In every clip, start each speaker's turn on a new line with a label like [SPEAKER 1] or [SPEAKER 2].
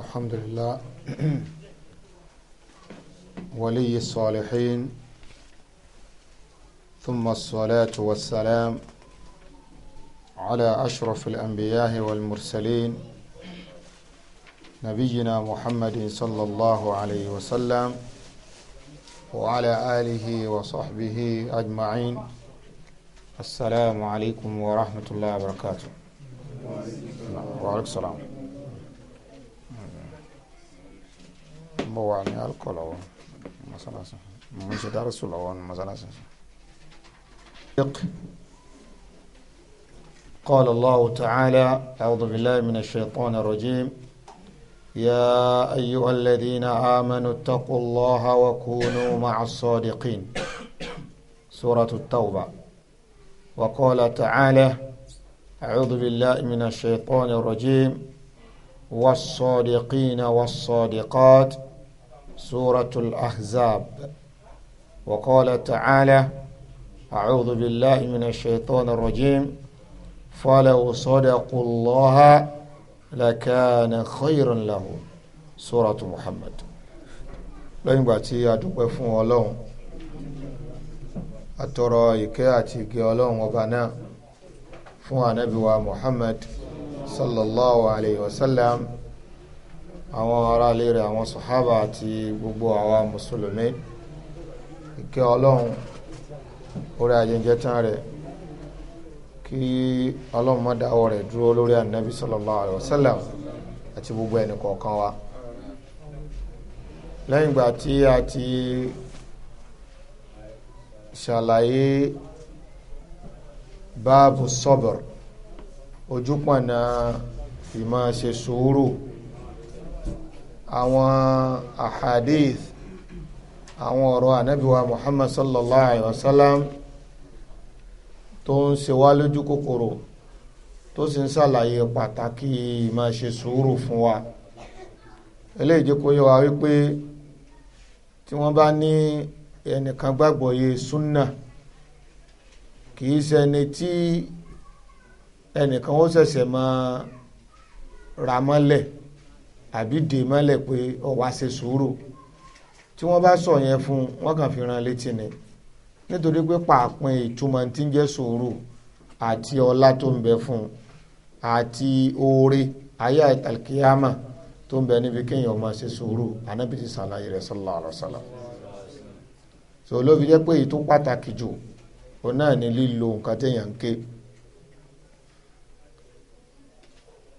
[SPEAKER 1] الحمد لله ولي الصالحين ثم الصلاة والسلام على أشرف الأنبياء والمرسلين نبينا محمد صلى الله عليه وسلم وعلى آله وصحبه أجمعين السلام عليكم ورحمة الله وبركاته وعليكم السلام قال الله تعالى أعوذ بالله من الشيطان الرجيم يا أيها الذين آمنوا اتقوا الله وكونوا مع الصادقين سورة التوبة وقال تعالى أعوذ بالله من الشيطان الرجيم والصادقين والصادقات سورة الأحزاب وقال تعالى أعوذ بالله من الشيطان الرجيم فلو صدقوا الله لكان خيرا لهم سورة محمد lẹ́yìn ìgbà tí a dúpẹ́ fún ọlọ́run àtọ̀rọ̀ ìkẹ́ àti ìgẹ́ ọlọ́run ọba náà fún ànábì wa Muhammad sallallahu alayhi wa sallam àwọn aráalé rẹ̀ àwọn sàhábà àti gbogbo àwa mùsùlùmí ìkẹ́ ọlọ́run orí ajẹ́jẹ́ tán rẹ̀ kí ọlọ́run má dáwọ́ rẹ̀ dúró lórí ànábì sallallahu alaihi wasallam àti gbogbo ẹnì kọ̀ọ̀kan wa lẹ́yìn ìgbà tí a ti ṣàlàyé báàbù sọ́bọ̀r ojúpọ̀nà ìmọ̀ ṣe sùúrù. So àwọn ahadith àwọn ọ̀rọ̀ ànábìwá Muhammad sallallahu alayhi wa sallam tó ń ṣe wá lójú kòkòrò tó sì ń ṣàlàyé pàtàkì máa ṣe sùúrù fún wa eléyìí jẹ́ kó yé wa wípé tí wọ́n bá ní ẹnìkan gbàgbọ́ yé súnà kìí ṣẹni tí ẹnìkan ó ṣẹ̀ṣẹ̀ máa rà àbí dè mọ́lẹ̀ pé ọ̀wá ṣe sùúrù tí wọ́n bá sọ yẹn fún wọ́n kàn fi ran létí ni nítorí pé pàápín ìtumọ̀ tí ń jẹ́ sùúrù àti ọlá tó ń bẹ fún àti oore ayé àtàkìyàmà tó ń bẹ níbi kéèyàn máa ṣe sùúrù ànábì ti ṣàlàyé rẹ̀ sallallahu alaihi wasallam so olóbi jẹ́ pé ìtún pàtàkì jù òun náà ni lílo nǹkan téèyàn ń ké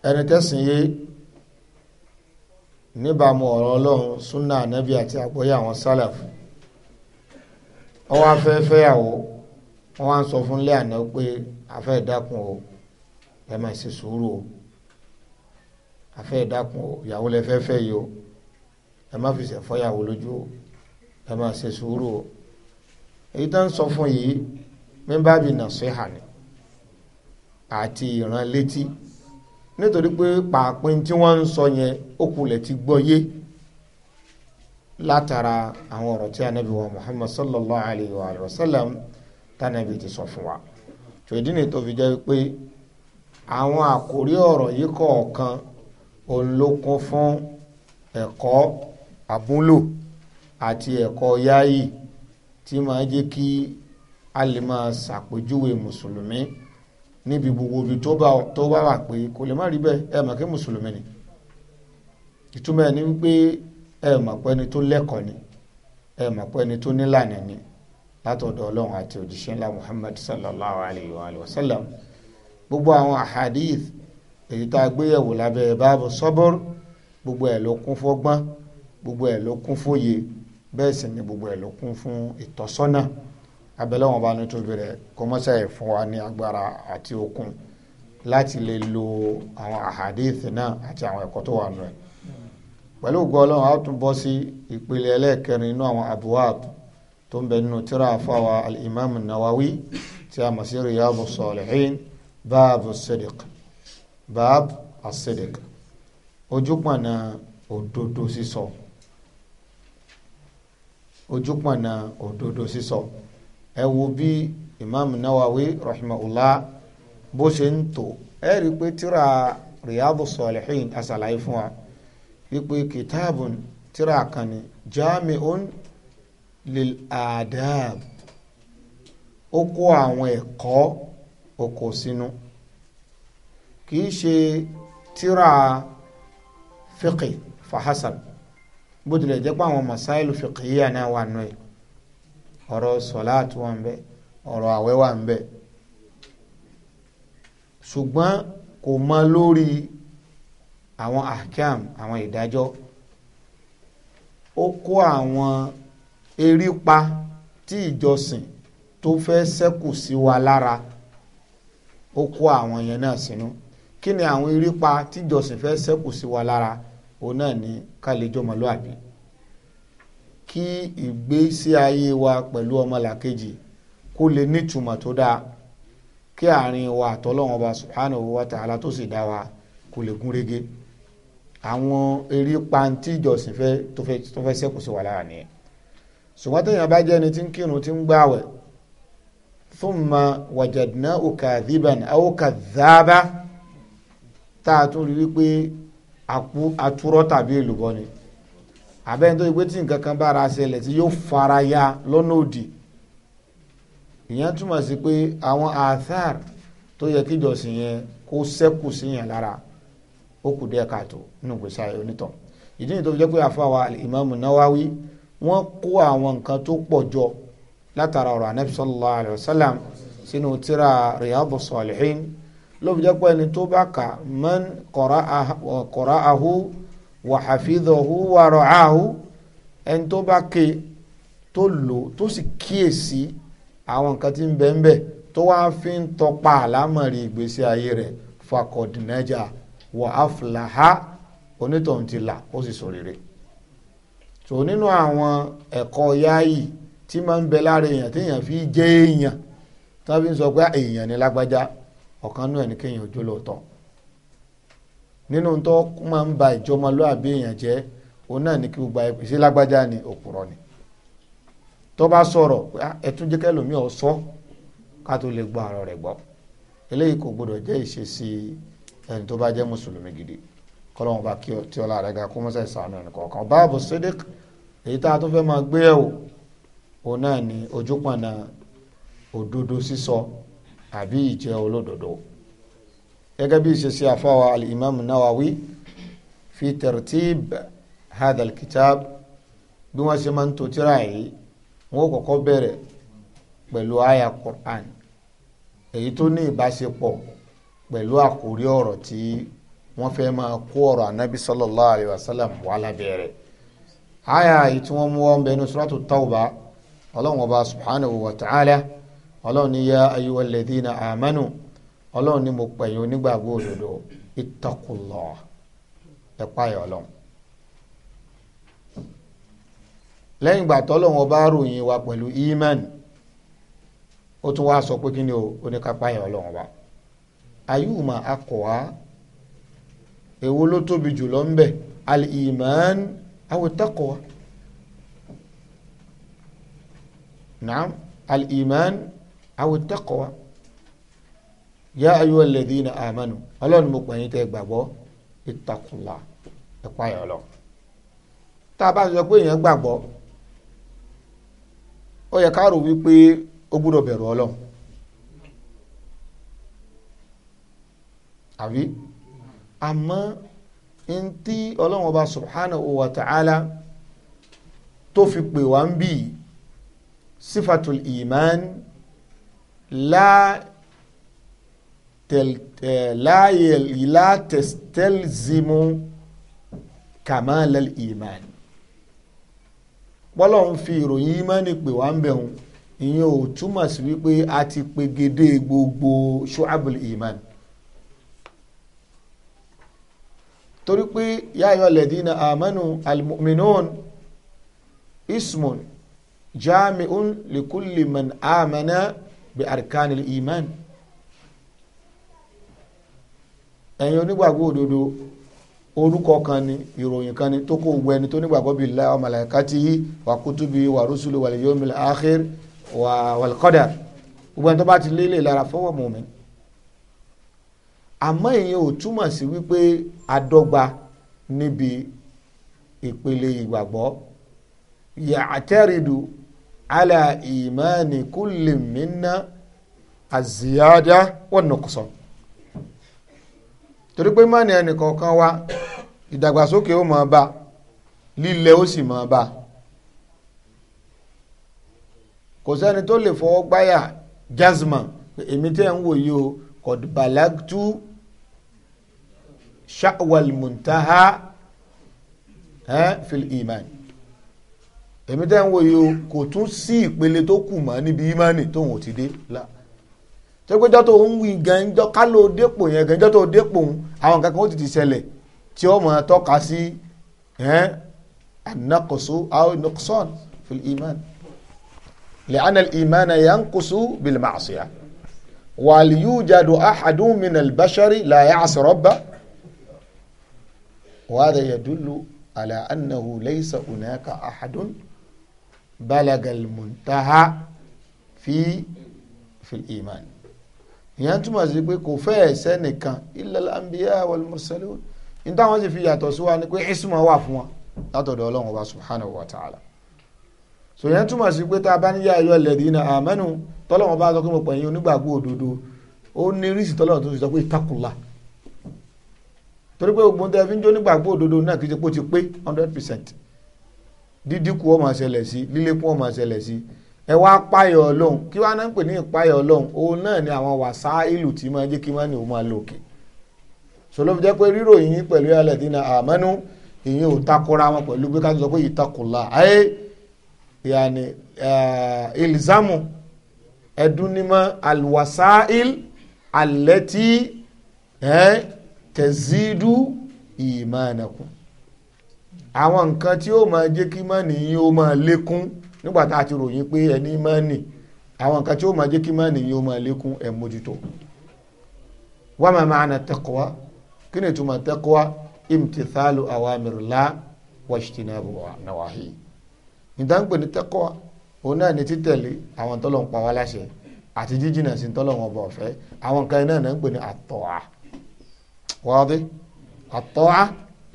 [SPEAKER 1] ẹni tẹ́sìn yé níbàámu ọ̀rọ̀ ọlọ́run súnà ànábì àti àgbọ́yé àwọn sálàf ọwọ́ afẹ́fẹ́yàwó wọ́n wá ń sọ fún ilé àná pé afẹ́ ìdákun o ẹ máa ṣe sùúrù o afẹ́ ìdákun o ìyàwó lẹ fẹ́ fẹ́ yìí o ẹ má fi ṣẹ̀fọ́yàwó lójú o ẹ máa ṣe sùúrù o èyí tó ń sọ fún yìí mímbàbí nàṣẹ́hà ni àti ìran létí nítorí pé pàápín tí wọ́n ń sọ yẹn ó kulẹ̀ ti gbọ́ yé látara àwọn ọ̀rọ̀ tí anabi wa muhammad sallallahu alayhi wa sallam tanabi ti sọ fún wa tòdí ni tó fi jẹ́ pé àwọn àkórí ọ̀rọ̀ yìí kọ̀ọ̀kan òun ló kún fún ẹ̀kọ́ àmúlò àti ẹ̀kọ́ yáyì tí máa jẹ́ kí a lè máa ṣàpèjúwe mùsùlùmí níbi gbogbo ibi tó bá wà pé kò lè má rí bẹ́ẹ̀ ẹ mọ̀ kí mùsùlùmí ni ìtumọ̀ ẹ̀ ni wípé ẹ mọ̀ pé ẹni tó lẹ́kọ̀ọ́ ni ẹ mọ̀ pé ẹni tó nílànà ni látọ̀dọ̀ ọlọ́run àti òjíṣẹ́ ńlá Muhammad sallallahu alayhi wa sallam gbogbo àwọn ahadith èyí tá a gbéyẹ̀wò lábẹ́ báàbù sọ́bọ̀rù gbogbo ẹ̀ ló kún fọ́gbọ́n gbogbo ẹ̀ ló kún fóye bẹ́ẹ̀ sì ni gbogbo ẹ̀ ló kún fún ìtọ́sọ́nà abẹ́lẹ́ wọn bá ní tóbi rẹ̀ kọ́mọ́sẹ̀ fún wa ní agbára àti okun láti lè lo àwọn àhàdíìsì náà àti àwọn ẹ̀kọ́ tó wà nù ẹ̀ pẹ̀lú ògo ọlọ́run á tún bọ́ sí ìpele ẹlẹ́ẹ̀kẹrin inú àwọn abuwaab tó ń bẹ nínú tíra àfáwà al nawawi tí a mọ̀ sí riyadu salihin báàbù sadiq báàbù asadiq ojúpọ̀nà òdodo sísọ ojúpọ̀nà òdodo sísọ ẹ wo bí imam nawawi rahimahullah bó ṣe ń tò ẹ rí i pé tíra riyadu salihin asàlàyé fún wa wípé kìtáàbùn tíra kan ni jami'un lil adab ó kó àwọn ẹ̀kọ́ oko sínú kì í ṣe tíra fiqi fahasab bó tilẹ̀ jẹ́ pé àwọn masailu fiqiyya náà wà nù ẹ̀ ọ̀rọ̀ sọ̀láàtì wà ń bẹ ọ̀rọ̀ àwẹ̀ wà ń bẹ ṣùgbọ́n kò mọ lórí àwọn ahkam àwọn ìdájọ́ ó kó àwọn erípa tí ìjọsìn tó fẹ́ ṣẹ́kù sí wa lára ó kó àwọn yẹn náà sínú kí ni àwọn erípa tí ìjọsìn fẹ́ ṣẹ́kù sí wa lára òun náà ní ká lè jọmọlúàbí kí ìgbésí ayé wa pẹ̀lú ọmọlàkejì kó lè nítumọ̀ tó dáa kí àárín wa àtọ́lọ́wọ́n ọba subhanahu wa ta'ala tó sì dá wa kó lè gún régé àwọn eré pantí ìjọsìn tó fẹ́ sẹ́kù sí wa lára nìyẹn ṣùgbọ́n téèyàn bá jẹ́ ẹni tí ń kírun tí ń gbààwẹ̀ thumma wajadna'u kadhiban aw kadhaba tá a tún rí wípé àtúrọ́ tàbí èlùbọ́ ni abẹ́ni tó gbé tí nǹkan kan bára ṣẹlẹ̀ tí yóò fara ya lọ́nà òdì ìyẹn túmọ̀ sí pé àwọn athar tó yẹ kí ìjọsìn yẹn kó sẹ́kù sí yẹn lára ó kù díẹ̀ káàtó nínú ìgbésí ayé onítàn ìdí nìyí tó fi jẹ́ pé àfàwà ìmáàmù náwáwí wọ́n kó àwọn nǹkan tó pọ̀ jọ látara ọ̀rọ̀ anabi sallallahu sínú tíra riyadu salihin ló fi jẹ́ pé ẹni tó bá kà man qara'ahu wàhàfíìdọ̀hù wàrọ̀áhù ẹni tó bá ké tó lò tó sì kíyèsí àwọn nǹkan tí ń bẹ ń bẹ tó wá fi ń tọpa àlámọ̀rí ìgbésí ayé rẹ̀ fakọ̀dìnẹ́jà wàhàfìlàhà onítọ̀hún ti là ó sì ṣoríire tò nínú àwọn ẹ̀kọ́ yáàyì tí máa ń bẹ lára èèyàn téèyàn fi jẹ́ èèyàn tí wọ́n fi ń sọ pé èèyàn ni lágbájá ọ̀kan náà ní kéèyàn ojú lóòótọ́ nínú tó máa ń ba ìjọmọlúàbí èèyàn jẹ́ òun náà ní kí gbogbo ayé ni òpùrọ̀ ni tó bá sọ̀rọ̀ ah, ẹtún jẹ́ kẹlòmíì ọ̀sọ́ ká tó lè gbọ́ àrọ̀ rẹ̀ gbọ́ eléyìí kò gbọdọ̀ jẹ́ ìṣesí ẹni tó bá jẹ́ mùsùlùmí gidi kọ́lọ́hún bá kí ọtí ọlá rẹ̀ ga kó mọ́sẹ̀ sànù ẹnì kọ̀ọ̀kan báàbù sídìk èyí tá a tún fẹ́ máa gbé ẹ̀wò òun náà ni ojúpọ̀nà òdodo sísọ àbí ìjẹ́ olódodo gẹ́gẹ́ bí ìṣesí àfáwà al-imam nawawi fi tartib hadal kitab bí wọ́n ṣe máa ń to tírà yìí wọ́n kọ́kọ́ bẹ̀rẹ̀ pẹ̀lú aya Qur'an èyí tó ní ìbáṣepọ̀ pẹ̀lú àkórí ọ̀rọ̀ tí wọ́n fẹ́ máa kó ọ̀rọ̀ anabi sallallahu alayhi wa sallam wà lábẹ́rẹ̀ aya yìí tí wọ́n mú wọn bẹnu suratu tawba ọlọ́run ọba subhanahu wa ta'ala ọlọ́run ni ya ayyuhalladhina amanu ọlọ́run ní mo pẹ̀yìn onígbàgbọ́ òdodo ìtọ́kùlọ̀ ẹ̀pá ẹ̀ ọlọ́run. lẹ́yìn ìgbà tọ́lọ́run ọba ròyìn wa pẹ̀lú iman ó tún wá sọ pé kí ni o oníkápá ẹ̀ ọlọ́run ọba. ayúùmọ̀ akọ̀wá èwo ló tóbi jùlọ ń bẹ al-iman awo taqwa naam al-iman awo taqwa yá ayú alladhina amanu ọlọ́run mo pè yín tẹ́ gbàgbọ́ ìtàkùnlá ẹ̀pá yẹn lọ. tá a bá sọ pé èèyàn gbàgbọ́ ó yẹ ká rò wípé ó gbúdọ̀ bẹ̀rù ọlọ́run àbí àmọ́ ntí ọlọ́run ọba subhanahu wa ta'ala tó fi pè wá ń bì sífàtul ìmán láà. لا تستلزم كمال الإيمان bọ́lọ́run fi ìròyìn ìmánì pè wá ń bẹ̀hùn ìyẹn ò túmọ̀ sí wípé a ti pegedé gbogbo ṣọ́ábùl ìmánì torí pé yáyọ lẹ́dínà àmánu almu'minun ismun jami'un likulli man amana bi arkanil imani ẹ̀yin onígbàgbọ́ òdodo orúkọ kan ni ìròyìn kan ni tó kó gbogbo ẹni tó nígbàgbọ́ billahi wa malaikatihi wa kutubihi wa rusuli wal yawmil akhir wa wal qadar gbogbo ẹni tó bá ti lélẹ̀ lára fọwọ́ mu'min àmọ́ ìyẹn ò túmọ̀ sí wípé adọ́gba níbi ìpele ìgbàgbọ́ ya'taridu ala imani kulli minna az-ziyada wan-nuqsan torí pé mọ́ni ẹnìkọ̀ọ̀kan wa ìdàgbàsókè ó máa bá lílẹ̀ ó sì máa bá kò sẹ́ni tó lè fọwọ́ gbáyà jazma èmi tẹ́ ń wòye o qad balagtu sha'wal muntaha fil iman èmi tẹ́ ń wòye o kò tún sí ìpele tó kù mọ́ níbi imani tóun ò ti dé láà gbẹjọ tó ń wí gànjọ́ kálò dépò yẹn gànjọ́ tó dépò ń àwọn nǹkan kan ó ti ti ṣẹlẹ̀ tí ó máa tọ́ka sí anakoso awo nuqsan fil iman le anal iman yanqusu bil ma'siyah wal yujadu ahadun min al-bashari la ya'si rabba wa hadha yadullu ala anahu laysa hunaka ahadun balaga al-muntaha fi في iman. ìyẹn túmọ̀ sí pé kò fẹ́ ẹ̀sẹ̀ nìkan illal anbiya wal mursalun ní táwọn sì fi yàtọ̀ sí wa ni pé ìsúnmọ̀ wà fún wa látọ̀dọ̀ ọlọ́run ọba subhanahu wa ta'ala so ìyẹn túmọ̀ sí pé tá a bá ní yá ayọ́ alladhina amanu tọ́lọ́run ọba sọ pé mo pè yín onígbàgbọ́ òdodo ó ní rísì tọ́lọ́run tó ti sọ pé ìtakùlà torí pé ogun tẹ́ fi ń jó nígbàgbọ́ òdodo náà kì ti pé hundred percent dídínkù ó máa sí lílékún ó máa sí ẹ wá páyọ̀ ọlọ́run kí wá náà ń pè ní ìpáyọ̀ ọlọ́run òun náà ni àwọn wàsá ìlú tí máa jẹ́ kí wọ́n ní òun máa lò òkè sọlọ́fi jẹ́ pé ríròyìn yín pẹ̀lú ẹlẹ́ dínà àmọ́nú ìyẹn ò takora wọn pẹ̀lú pé ká sọ pé ìtakùlà ayé yàní eh, ilzamu ẹdúnímọ̀ alwasail alẹ́tí eh, tẹ̀sídú ìmánakùn àwọn nǹkan tí ó máa jẹ́ kí mọ́ nìyí ó máa lékún nígbà tá a ti ròyìn pé ẹni mọ́ọ̀nì àwọn nǹkan tí ó máa jẹ́ kí mọ́ọ̀nì yìí ó máa lékún ẹ̀ mójútó wa ma ma'na taqwa kí ni ìtumọ̀ taqwa imtithalu awamirillah wajtinabu nawahi ìdáǹgbè ní taqwa òun náà ni títẹ̀lé àwọn tọ́lọ̀ ń pa wá láṣẹ àti jíjìnà sí tọ́lọ̀ wọn bọ̀ fẹ́ àwọn nǹkan iná náà ń pè ní àtọ́à wáde àtọ́à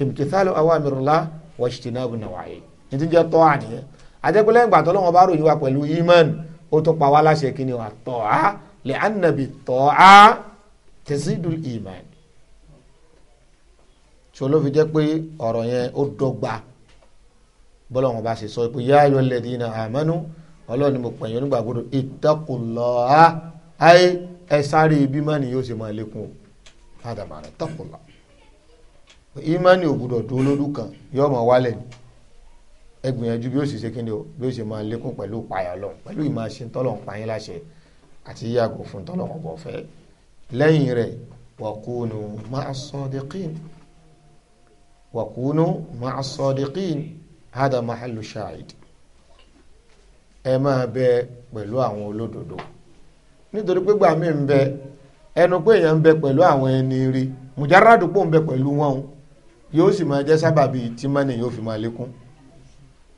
[SPEAKER 1] imtithalu awamirillah wajtinabu nawahi ìdíjẹ́ tọ́à nìyẹn àjẹpẹ́lẹ́ ìgbà tó lọ́wọ́ bá ròyìn wa pẹ̀lú iman ó tún pa wá láṣẹ kí ni wà tọ́ a lè ànàbì tọ́ a tẹ̀sídùú iman tí olófin jẹ́ pé ọ̀rọ̀ yẹn ó dọ́gba bọ́lá wọn bá ṣe sọ pé yáa yọ lẹ́dí iná àmọ́nú ọlọ́run ni mo pè yín onígbàgbọ́dọ̀ ìtọ́kùlọ́ a ayé ẹ sáré ibi mọ́ni yóò ṣe máa lékún o ádàmà rẹ̀ tọ́kùlọ́ ìmánì ògbúdọ̀ dúró lódù kan yọ ọmọ wálẹ̀ ni ẹ gbìyànjú bí ó sì ṣe kíni o bí ó ṣe máa lékún pẹ̀lú ìpayà Ọlọ́run pẹ̀lú ìmọ̀ ṣe tọ́lọ́run pa yín láṣẹ àti yíyàgò fún tọ́lọ́run ọ̀bọ̀ fẹ́ lẹ́yìn rẹ̀ wàkúnù máa sọ́dẹ̀kín wàkúnù máa sọ́dẹ̀kín hádà mahalu shahid ẹ máa bẹ pẹ̀lú àwọn olódodo nítorí pé gbàmí ń bẹ ẹnu pé èèyàn ń bẹ pẹ̀lú àwọn ẹni rí mùjáradùpọ̀ ń bẹ pẹ̀lú wọn yóò sì máa jẹ́ sábàbí tí mọ́ni yóò fi máa lékún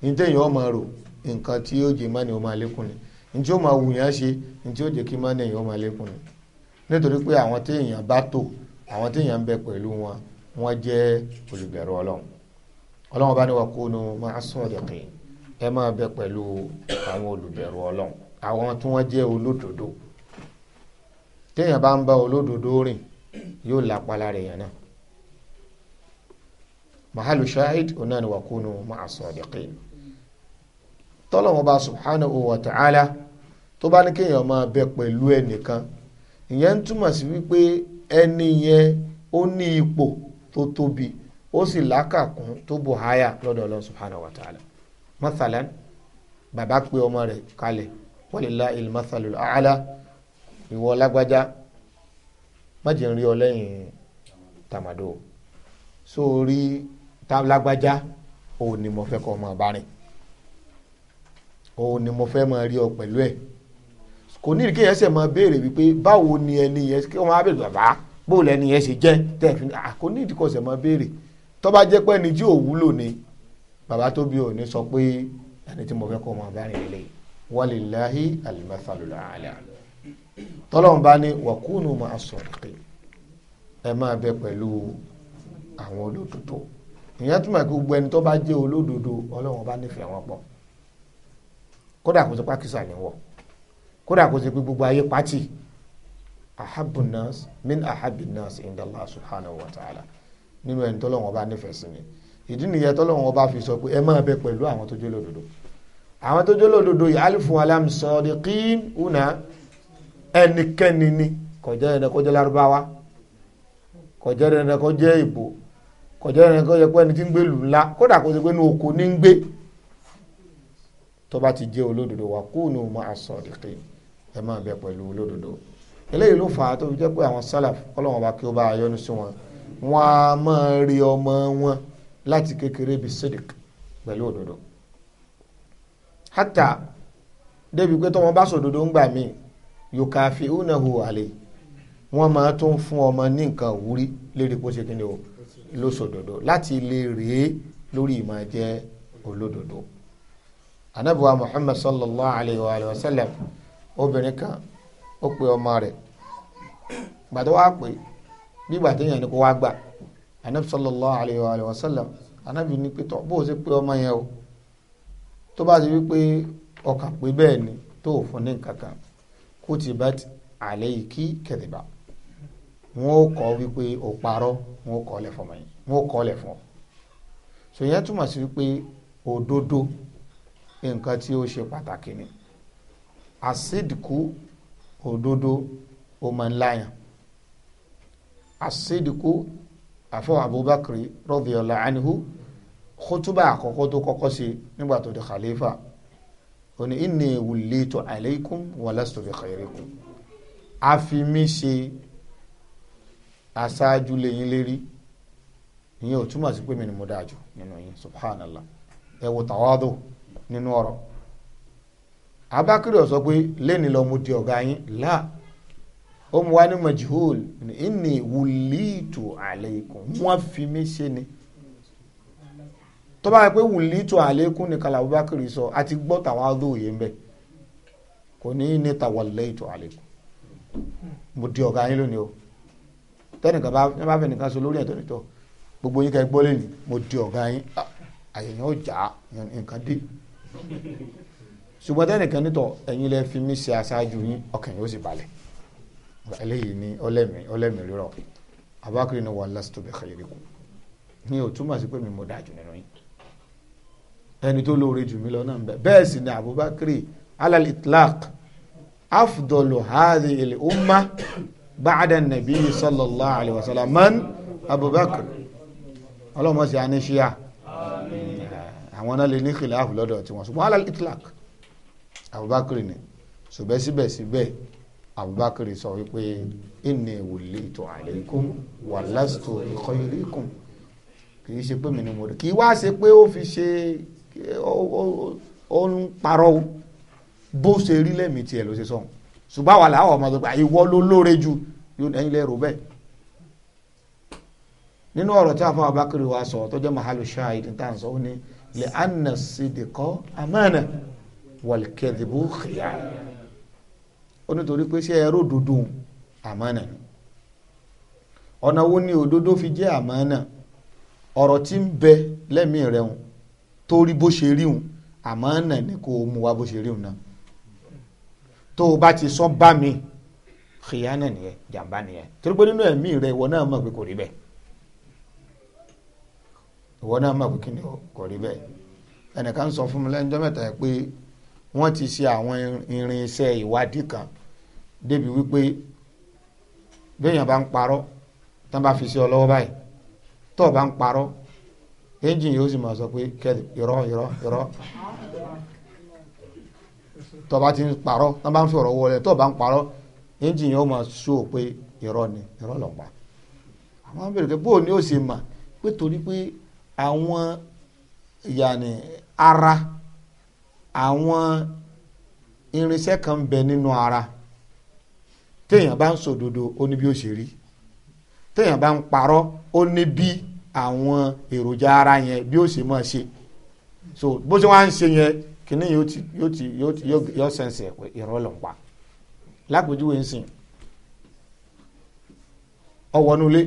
[SPEAKER 1] ní téèyàn ọmọ rò nǹkan tí yóò jẹ mánì ọmọ àlékún ni ní tí ó máa wù yẹn ṣe ní tí jẹ kí mánì ẹ̀yàn ọmọ àlékún ni nítorí pé àwọn téèyàn bá tò àwọn téèyàn ń bẹ pẹ̀lú wọn wọ́n jẹ́ olùbẹ̀rù ọlọ́run ọlọ́run bá ní wa kó nu máa sún ọ̀dẹ̀kẹ́ ẹ máa bẹ pẹ̀lú àwọn olùbẹ̀rù ọlọ́run àwọn tí wọ́n jẹ́ olódodo téèyàn bá ń bá olódodo rìn yóò lápá lára èèyàn náà mahalu shahid onáni wa kó nu máa sún ọ̀dẹ̀kẹ́ tọ́lọ́wọ́n bá subhanahu wa ta'ala tó bá ní kéèyàn máa bẹ pẹ̀lú ẹnìkan ìyẹn ń túmọ̀ sí wípé ẹni yẹn ó ní ipò tó tóbi ó sì lákàkún tó bò háyà lọ́dọ̀ ọlọ́run subhanahu wa ta'ala mathalan bàbá pé ọmọ rẹ̀ kalẹ̀ walillahi al-mathalul ìwọ lágbájá má ń rí ọ lẹ́yìn tàmàdó sórí lágbájá òun ni mo fẹ́ kọ́ ọmọ bá rìn òun ni mo fẹ́ máa rí ọ pẹ̀lú ẹ̀ kò ní ìkéyẹn ṣe máa béèrè wípé báwo ni ẹni yẹn kí wọ́n á béèrè bàbá bóòlù ẹni yẹn ṣe jẹ́ tẹ̀fín kò ní ìdíkọ̀ ṣe máa béèrè tó bá jẹ́ pé ẹni tí ò wúlò ni bàbá tó bí òní sọ pé ẹni tí mo fẹ́ kọ́ máa bá rìn lélẹ̀ walilahi alimasalula ala tọ́lọ́run bá ní wàkúùnù máa sọ̀rọ̀ pé ẹ máa bẹ pẹ̀lú àwọn olódodo ìyẹn túmọ̀ gbogbo ẹni tó bá jẹ́ olódodo ọlọ́run bá nífẹ̀ẹ́ wọn pọ̀ kódà kó ṣe pákísà ní wọ̀ kódà kó ṣe pé gbogbo ayé pátì ahabu nas min ahabi nas indallah subhanahu wa ta'ala nínú ẹni tọ́lọ́wọ́n bá nífẹ̀ẹ́ sí mi ìdí nìyẹn tọ́lọ́wọ́n bá fi sọ pé ẹ máa bẹ pẹ̀lú àwọn tó jẹ́ lódodo àwọn tó jẹ́ lódodo yìí alifu alam sadiqin una ẹnikẹ́ni ni kọjá ẹni kọjá Lárúbáwá kọjá ẹni kọjá ìbò kọjá ẹni kọjá pé ẹni tí ń gbé ńlá kódà kó ṣe pé inú oko ní ń gbé tó bá ti jẹ́ olódodo wa kúùnù máa sọ̀dìkì ẹ máa bẹ pẹ̀lú olódodo eléyìí ló fà á tó fi jẹ́ pé àwọn sálàf ọlọ́wọ́n bá kí ó bá yọ́nú sí wọn wọn a máa rí ọmọ wọn láti kékeré bíi sidik pẹ̀lú òdodo hátà débi pé tọ́mọ bá sòdodo ń gbà míì yòkàfi unahu àlè wọn máa tún fún ọmọ ní nǹkan wúrí lérí kó ṣe kí ni o lóṣòdodo láti lè rèé lórí ìmọ̀ jẹ́ olódodo anabiwa muhammad sallallahu alayhi wa sallam obìnrin kan ó pe ọmọ rẹ̀ gbàtọ́ wàá pè gbígbà téèyàn ni kò wá gbà anabi sallallahu alayhi wa sallam anabi ní pé tọ́ bó o ṣe pe ọmọ yẹn o tó bá ti wí pé ọkàn pé bẹ́ẹ̀ ni tó o fún ní nǹkan kan kutibat alayki kadhiba wọn ò kọ́ wípé o parọ́ wọn ò kọ́ ọ lẹ̀ fún ọ sòyẹn túmọ̀ sí wípé òdodo. So, nǹkan tí ó ṣe pàtàkì ni àsídìkú òdodo ó máa ń láyàn àsídìkú àfọ Abubakar radiyallahu anhu khutuba àkọ́kọ́ tó kọ́kọ́ ṣe nígbà tó di khalifa ó ní inni wullitu alaykum wa lastu bi khayrikum ṣe aṣáájú lẹ́yìn lérí ìyẹn ò túmọ̀ sí pé mi ni mo dáa jù nínú yín subhanallah ẹ wo tàwádùn nínú ọ̀rọ̀ abakiri ó sọ pé lẹ́ni lọ mo di ọ̀gá yín là ó mu wá ní majhul inni wulitu aleikum wọ́n fi mí ṣe ni tó pé wulitu aleikum ni kala abakiri sọ àti gbọ́ tàwọn adóòye ń bẹ kò ní ní tawalleitu aleikum mo di ọ̀gá yín lónìí o tẹnìkan bá ẹ bá fẹ́ nìkan so lórí ẹ̀tọ́ nìtọ́ gbogbo yín ká gbọ́ lẹ́nu mo di ọ̀gá yín àyẹ̀yẹ́ ó jà nǹkan dé ṣùgbọ́n tẹ́nìkan nítọ̀ ẹ̀yin lẹ fi mí ṣe aṣáájú yín ọkàn yóò sì balẹ̀ eléyìí ni ọlẹ́mì ọlẹ́mì rírọ̀ abákiri ni wà lásìtò bẹ̀ xẹ̀yẹ̀rẹ̀ kù ní o túmọ̀ sí pé mi mo dáa jù nínú yín ẹni tó lóore jù mí lọ náà bẹ́ẹ̀ bẹ́ẹ̀ sì ni abubakar alal itlaq afdolu hadi il umma baada nabi sallallahu alayhi wa sallam man abubakar ọlọ́mọ sí aníṣíà àwọn náà lè ní kìláàfù lọ́dọ̀ tiwọn ṣùgbọ́n alal itlak abubakar ni ṣùgbọ́n síbẹ̀síbẹ̀ abubakar sọ wípé inni wulitu alaykum wa lastu bi khayrikum kì í ṣe pé mi ni mo rí kì í wá ṣe pé ó fi ṣe ó ń parọ́ bó ṣe rí lẹ́mìí tiẹ̀ ló ṣe sọ̀hún ṣùgbọ́n àwa làwọn ọmọ gbogbo àìwọ́ ló lóore ju ẹ̀yin lẹ́rù bẹ́ẹ̀ nínú ọ̀rọ̀ tí a abakar wa sọ tó jẹ́ mahalu shahid tá à ó ní لأن anna sídìkọ́ والكذب wàlkẹ́dìbò xìyà ó nítorí pé ṣé ẹrú òdodo amánà ni ọ̀nà wo ni òdodo fi jẹ́ amánà ọ̀rọ̀ tí ń bẹ lẹ́mìí rẹ̀ hùn torí bó ṣe rí hùn amánà ni kò mú wa bó ṣe rí hùn náà tó o bá ti sọ bá mi xìyà nìyẹn jàǹbá nìyẹn torí pé nínú ẹ̀mí rẹ̀ ìwọ náà mọ̀ pé kò rí bẹ́ẹ̀ ìwọ náà mọ̀ pé kí ni kò rí bẹ́ẹ̀ ẹnìkan sọ fún mi lẹ́njọ́ mẹ́ta yẹn pé wọ́n ti ṣe àwọn irinṣẹ́ ìwádìí kan débi wípé béèyàn bá ń parọ́ tán bá fi sí ọ lọ́wọ́ báyìí tó o bá ń parọ́ engine yóò sì máa sọ pé kẹ́lì irọ́ irọ́ irọ́ tó o bá ti ń parọ́ tán bá ń fi ọ̀rọ̀ wọlé tó o bá ń parọ́ engine yóò máa sọ pé irọ́ ni irọ́ ló ń pa àwọn abẹ́rẹ́ pé bóò ni ó ṣe mà pé torí pé àwọn yàní ara àwọn irinṣẹ́ kan ń bẹ nínú ara téèyàn bá ń sòdodo ó ní bí ó ṣe rí téèyàn bá ń parọ́ ó ní bí àwọn èròjà ara yẹn bí ó ṣe máa ṣe so bó ṣe wá ń ṣe yẹn kìnnì yóò ti yóò ti yóò ti yóò sẹ̀nsẹ̀ pé irọ́ ló ń pa lápèjúwe ń sìn ọwọ́ nulẹ̀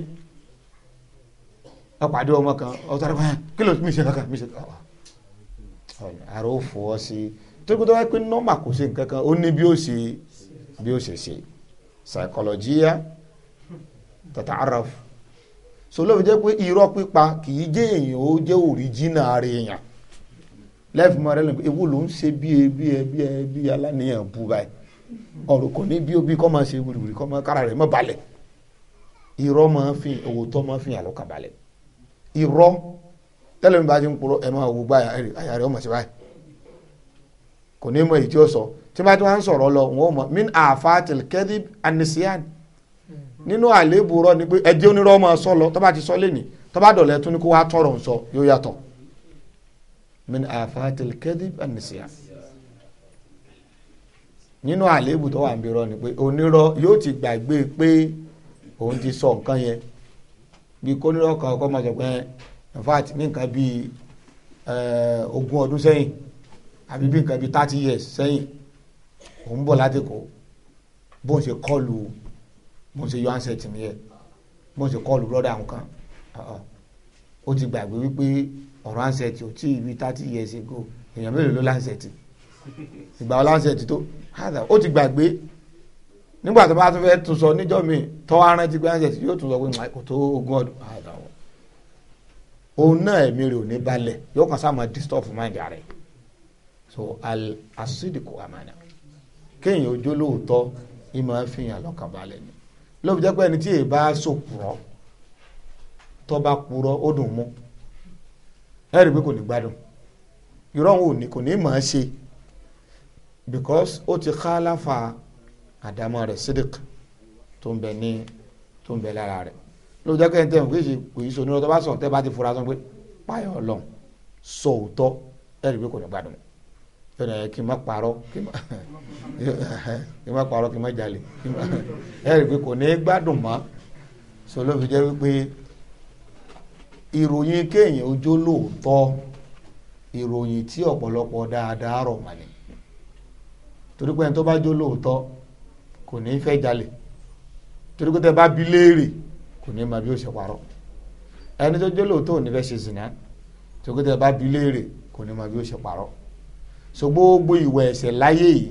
[SPEAKER 1] ọpàdé ọmọ kan ọtọ rẹ kí ló mi ṣe kankan mi ṣe kankan àrò fọwọ́ sí torí pé tó wáyé pé nọ́mbà kò ṣe nǹkan kan ó ní bí ó ṣe bí ó ṣe ṣe psychologia tata araf so ló fi jẹ́ pé irọ́ pípa kì í jẹ́ èèyàn ó jẹ́ òríjínà ara èèyàn lẹ́ẹ̀fì mọ́ rẹ̀ lẹ́nu ewu ló ń ṣe bí e bí e bí e bí aláníyàn bu báyìí ọ̀rọ̀ kò ní bí ó kọ́ máa ṣe wìrìwìrì kọ́ máa kára rẹ̀ mọ́ balẹ̀ irọ́ máa ń fi òwòtọ́ máa ń fi àlọ́kà balẹ̀ irọ́ tẹ́lẹ̀mí bá ti ń purọ́ ẹ̀ máa wò gbá àyà rẹ̀ ọmọ sí báyìí kò ní mọ èyí tí ó sọ tí bá tí wọ́n ń sọ̀rọ̀ lọ wọn ò mọ̀ min àfàtìl kẹ́díb anisiyan nínú àléébù rọ ni pé ẹjẹ́ onírọ́ máa sọ lọ tó bá ti sọ lẹ́nì tó bá dọ̀lẹ́ tún ní kó wá tọrọ ń sọ yóò yàtọ̀ min àfàtìl kẹ́díb anisiyan nínú àléébù tó wà ń bí rọ ni pé onírọ́ yóò ti gbàgbé pé òun ti sọ nǹkan yẹn bí kónírọ̀ kan kọ́ máa sọ pé in fact ní nǹkan bíi ogún ọdún sẹ́yìn àbí bí nǹkan bíi thirty years sẹ́yìn òun bọ̀ láti kó bó ń ṣe kọlù bó ń ṣe yọ ansẹ̀tì nìyẹn bó ń ṣe kọlù lọ́dọ̀ àwọn kan ó ti gbàgbé wípé ọ̀rọ̀ ansẹ̀tì ò tí ì bí thirty years ago èèyàn mélòó ló lánsẹ̀tì ìgbà wọn lánsẹ̀tì tó ó ti gbàgbé nígbà tó bá tún fẹ́ tún sọ níjọ́ mi tọ́wọ́ arántí pé àǹsẹ̀sì yóò tún sọ pé kò tó ogún ọdún àdáwọ̀ ah, òun náà ẹ̀mí rẹ̀ ò ní balẹ̀ yóò kàn sáà máa disturb mind rẹ̀ so asídìkò àmàna kéèyàn ojú lóòótọ́ ìmọ̀ fihàn lọ́kàn balẹ̀ ni lóbi jẹ́ pé ẹni tí èèbá sòpùrọ̀ tó bá purọ́ ó dùn mú ẹ rí i pé kò ní gbádùn irọ́ òun ò ní kò ní mọ̀ ọ́ ṣe because ó ti ká láfa àdámọ́ rẹ̀ sídìk tó ń bẹ ní tó ń bẹ lára rẹ̀ lóòótọ́ jẹ́ kẹ́hìn tẹ̀wọ̀n kìí ṣe kò yí sọ onírọ̀ tó bá sọ̀rọ̀ tẹ́ bá ti fura sọ́n pé páyọ̀ ọlọ́run sọ òótọ́ ẹ̀rí pé kò ní gbádùn yóò náà kí n má parọ́ kí n má parọ́ kí n má jalè ẹ̀rí pé kò ní gbádùn mọ́ sọ ló fi jẹ́ wípé ìròyìn kéèyàn ojú lóòótọ́ ìròyìn tí ọ̀pọ̀lọpọ̀ dáadáa rọ̀ mọ́ni torí pé ẹni tó bá jó lóòótọ́ kò ní fẹ́ jalè torí pé tẹ bá bi léèrè kò ní ma bí ó ṣe parọ́ ẹni tó jẹ́ lóòótọ́ òní fẹ́ ṣe zìnà torí pé tẹ bá bi léèrè kò ní ma bí ó ṣe parọ́ so gbogbo ìwà ẹ̀ṣẹ̀ láyé yìí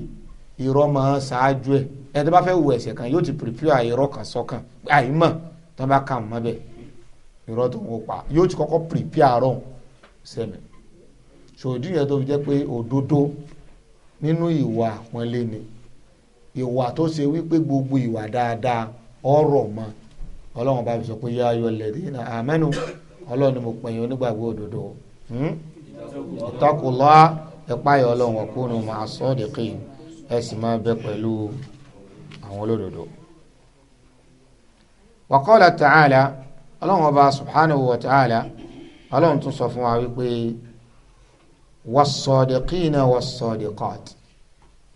[SPEAKER 1] irọ́ máa ṣáájú ẹ̀ ẹni tó bá fẹ́ wù ẹ̀ṣẹ̀ kan yóò ti prepare irọ́ kan sọ́kàn àìmọ̀ tó bá kà mọ́ bẹ́ẹ̀ irọ́ tó ń wò pa yóò ti kọ́kọ́ prepare rọ̀ sẹ́mi sòdí yẹn tó fi jẹ́ pé òdodo nínú ìwà àpọ́nlé ni ìwà tó ṣe wípé gbogbo ìwà dáadáa ọ̀rọ̀ mọ́ ọlọ́run bá mi sọ pé yá ayọ̀ na àmẹ́nu ọlọ́run ni mo pè yín onígbàgbọ́ òdodo ìtakùlọ́ hmm? ẹ̀páyọ̀ ọlọ́run ọ̀kúnnu máa sọ ọ́ ẹ sì máa bẹ pẹ̀lú àwọn olódodo. wa qala ọlọ́run ọba subhanahu wa ta'ala ọlọ́run tún sọ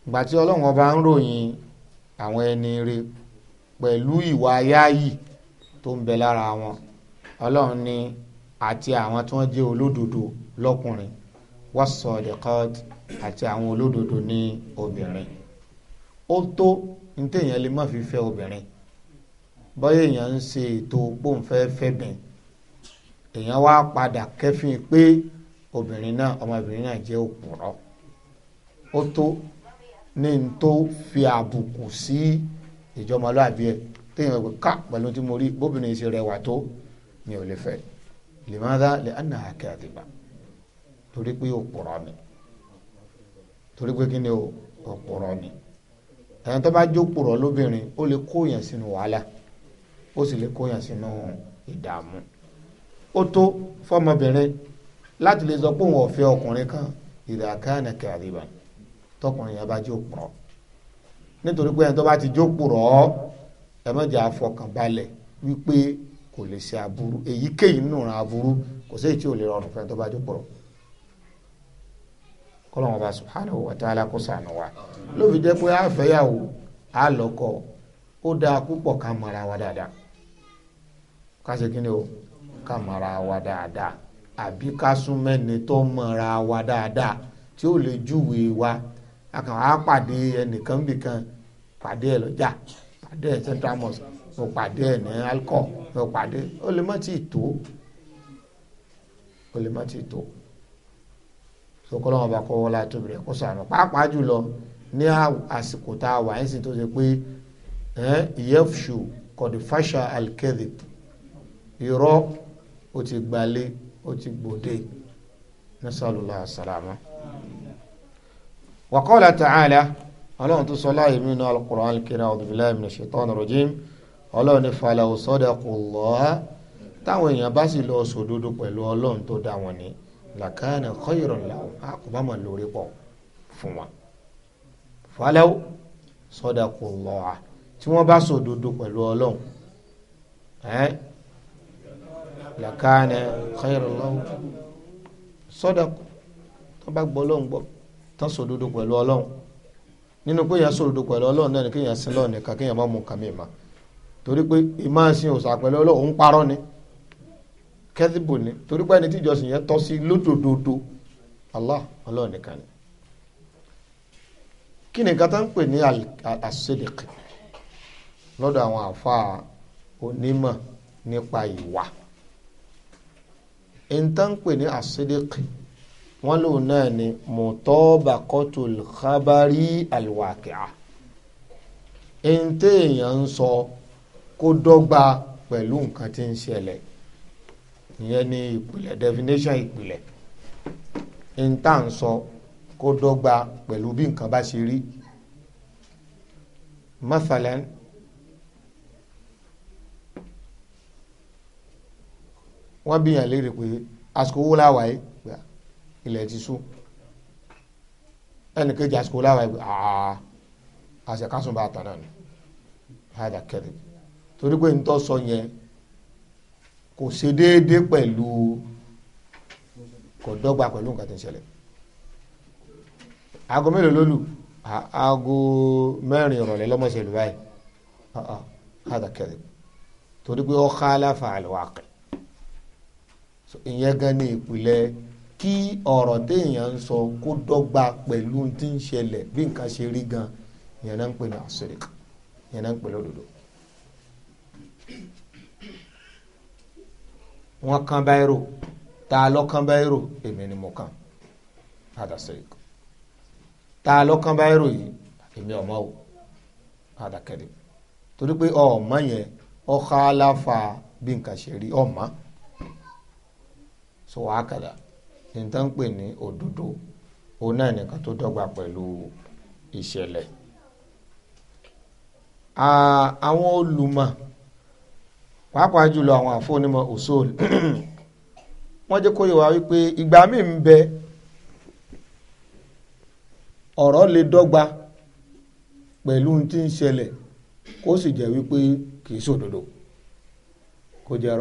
[SPEAKER 1] ìgbà tí ọlọ́run ọba ń ròyìn àwọn ẹni rẹ̀ pẹ̀lú ìwà yáàyì tó ń bẹ lára wọn ọlọ́run ní àti àwọn tí wọ́n jẹ́ olódodo lọ́kùnrin was-sadiqat àti àwọn olódodo ní obìnrin ó tó ní téèyàn lè má fi fẹ́ obìnrin bọ́yá èèyàn ń ṣe ètò pòǹfẹ́ èèyàn wá padà kẹ́fìn pé obìnrin náà ọmọbìnrin náà jẹ́ òpùrọ́ ó tó ní n tó fi àbùkù sí ìjọmọlúàbí ẹ téèyàn gbé ká pẹ̀lú tí mo rí bóbìnrin ṣe rẹwà tó mi ò lè fẹ́ lèmọ́dá lè ana àkẹ́ àdìgbà torí pé òpùrọ̀ ni torí pé kí ni òpùrọ̀ ni ẹ̀yìn tó bá jó pùrọ̀ lóbìnrin ó lè kóyàn sínú wàhálà ó sì lè kóyàn sínú ìdààmú ó tó fọmọbìnrin láti lè sọ pé òun ò ọkùnrin kan ìdàkánà kẹ́ àdìgbà ni tọkùnrin yẹn bá jẹ́ òpùrọ̀ nítorí pé ẹni tó bá ti jókòrọ̀ ẹ má jẹ́ àfọkànbalẹ̀ wípé kò lè ṣe aburú èyíkéyìí nínú ìran aburú kò sí èyí ò lè rọrùn fún ẹni tó bá jókòrọ̀ kọlọ́wọ́n bá subhanahu wa ta'ala kó sànù wa ló fi jẹ́ pé àfẹ́yàwó àlọ́kọ ó dáa púpọ̀ ká mara wa dáadáa ká ṣe kí ni o ká mara wa dáadáa àbí ká sún tó mara wa dáadáa tí ó lè júwèé wa akàn á pàdé ẹnìkan bìkan pàdé ẹ lọ́jà pàdé ẹ central mosque mo pàdé ẹ ní alcohol mo pàdé ó lè má ti tó ó lè má ti tó sokolowo ba kọ wọlé atóbi rẹ kó sànù pàápàá jùlọ ní àsìkò tá a wà ẹ̀ sì tó ṣe pé ìyẹ́fṣù kọ̀dífàṣà alkẹ́dìb irọ́ ó ti gbalé ó ti gbòde nasalula salama wa qala ta'ala ọlọ́run tó sọ láàyè mí náà al-Qur'an al-Karim a'udhu billahi minash shaitani rajim ọlọ́run ní falaw sadaqullaha táwọn èèyàn bá sì lọ sòdodo pẹ̀lú ọlọ́run tó dá wọn ní làkàna khayran lahum a kò bá máa lórí pọ̀ fún wọn. falaw sadaqullaha tí wọ́n bá sòdodo pẹ̀lú ọlọ́run làkàna khayran lahum sọ́dà tó bá gbọ́ ọlọ́run gbọ́ tán sòdodo pẹ̀lú ọlọ́run nínú pé èèyàn sòdodo pẹ̀lú ọlọ́run náà ni kéèyàn sin lọ́ọ̀ nìkan kéèyàn má mú nǹkan mìíràn máa torí pé ìmá sin òòsà pẹ̀lú ọlọ́run òun parọ́ ni kẹ́sìbò ni torí pé ẹni tí ìjọsìn yẹn tọ́ sí lódododo Allah ọlọ́run nìkan ni kí ni nǹkan tá ń pè ní àṣedèkì lọ́dọ̀ àwọn àfáà onímọ̀ nípa ìwà ẹni tá ń pè ní àṣedèkì wọ́n lòun náà ni mutabaqatul khabari alwaqi'a ẹni téèyàn ń sọ kó dọ́gba pẹ̀lú nǹkan tí ń ṣẹlẹ̀ ìyẹn ni ìpìlẹ̀ definition ìpìlẹ̀ ẹni ń sọ kó dọ́gba pẹ̀lú bí nǹkan bá ṣe rí mathalan wọ́n bíyàn léèrè pé àsìkò wo la wà yìí ilẹ̀ ti sú ẹnì kejì àsìkò láwa ẹ̀ àà àṣekásùn bá tàn náà ni hádà kẹrì torí pé nítọ́ sọ yẹn kò ṣe déédéé pẹ̀lú kò dọ́gba pẹ̀lú nǹkan tó ń ṣẹlẹ̀ aago mélòó ló lù aago mẹ́rin ìrọ̀lẹ́ lọ́mọ̀ọ́sẹ̀ báyìí hádà kẹrì torí pé ó khalafa al ìyẹn gan ní ìpìlẹ̀ kí ọ̀rọ̀ téèyàn ń sọ kó dọ́gba pẹ̀lú tí ń ṣẹlẹ̀ bí nǹkan ṣe rí gan ìyẹn náà ń pè ní àṣírí ìyẹn náà ń pè lódodo. wọ́n kan báírò ta ló kan báírò èmi ni mo kan hada sirik ta ló kan báírò yìí èmi ọmọ o hada kẹrin torí pé ọmọ yẹn ọkọ aláfa bí nǹkan ṣe rí ọmọ so wàá kàdà. So, níta ń pè ní òdodo òun náà nìkan tó dọ́gba pẹ̀lú ìṣẹ̀lẹ̀ àwọn olùmọ̀ pàápàá jùlọ àwọn àfọwọ́nímọ̀ òṣòl wọ́n jẹ́ kó yẹ wá wípé ìgbà míì ń bẹ ọ̀rọ̀ lè dọ́gba pẹ̀lú ohun tí ń ṣẹlẹ̀ kó sì jẹ́ wípé kì í ṣòdodo kó jẹ́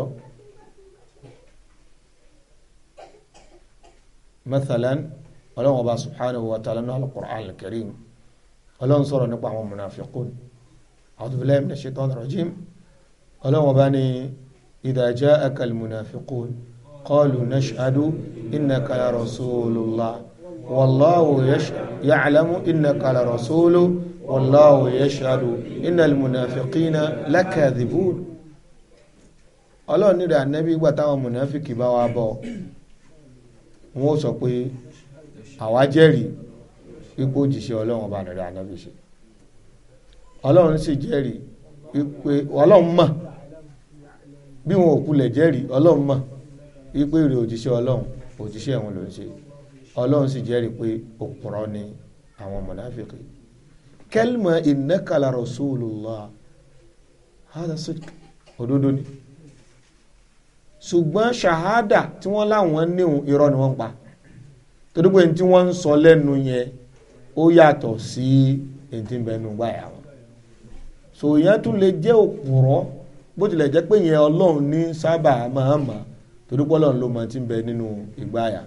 [SPEAKER 1] mathalan ọlọ́run ọba subhanahu wa ta'ala ní al-Qur'an al-Karim ọlọ́run sọ̀rọ̀ nípa àwọn munafiqun a'udhu billahi minash shaitani rajim ọlọ́run ọba ní idha ja'aka al-munafiqun qalu nashhadu innaka la rasulullah wallahu ya'lamu innaka la rasuluhu wallahu yashhadu innal munafiqina lakadhibun ọlọ́run nílò ànábì gbà táwọn munafiki bá wa bọ̀ wọn ó sọ pé àwa jẹ́rìí wípé òjìṣẹ́ ọlọ́run ọba rẹ̀ ànábì ṣe ọlọ́run sì jẹ́rìí wípé ọlọ́run mọ̀ bí wọn ò kulẹ̀ jẹ́rìí ọlọ́run mọ̀ wípé èrè òjìṣẹ́ ọlọ́run òjìṣẹ́ ẹ̀wọ̀n ló ń ṣe ọlọ́run sì jẹ́rìí pé òpùrọ́ ni àwọn mọ̀náfíkì kẹ́lìmọ̀ innaka la rasulullah hada sidq òdodo ni ṣùgbọ́n ṣàhádà tí wọ́n láwọn níhun irọ́ ni wọ́n pa torí pé tí wọ́n ń sọ lẹ́nu yẹn ó yàtọ̀ sí ètí ìbẹ̀nu gbáyà wọn so ìyẹn tún lè jẹ́ òpùrọ́ bó tilẹ̀ jẹ́ pé yẹn ọlọ́run ní sábà máa mà torí pé ọlọ́run ló mọ ti ń bẹ nínú ìgbáyà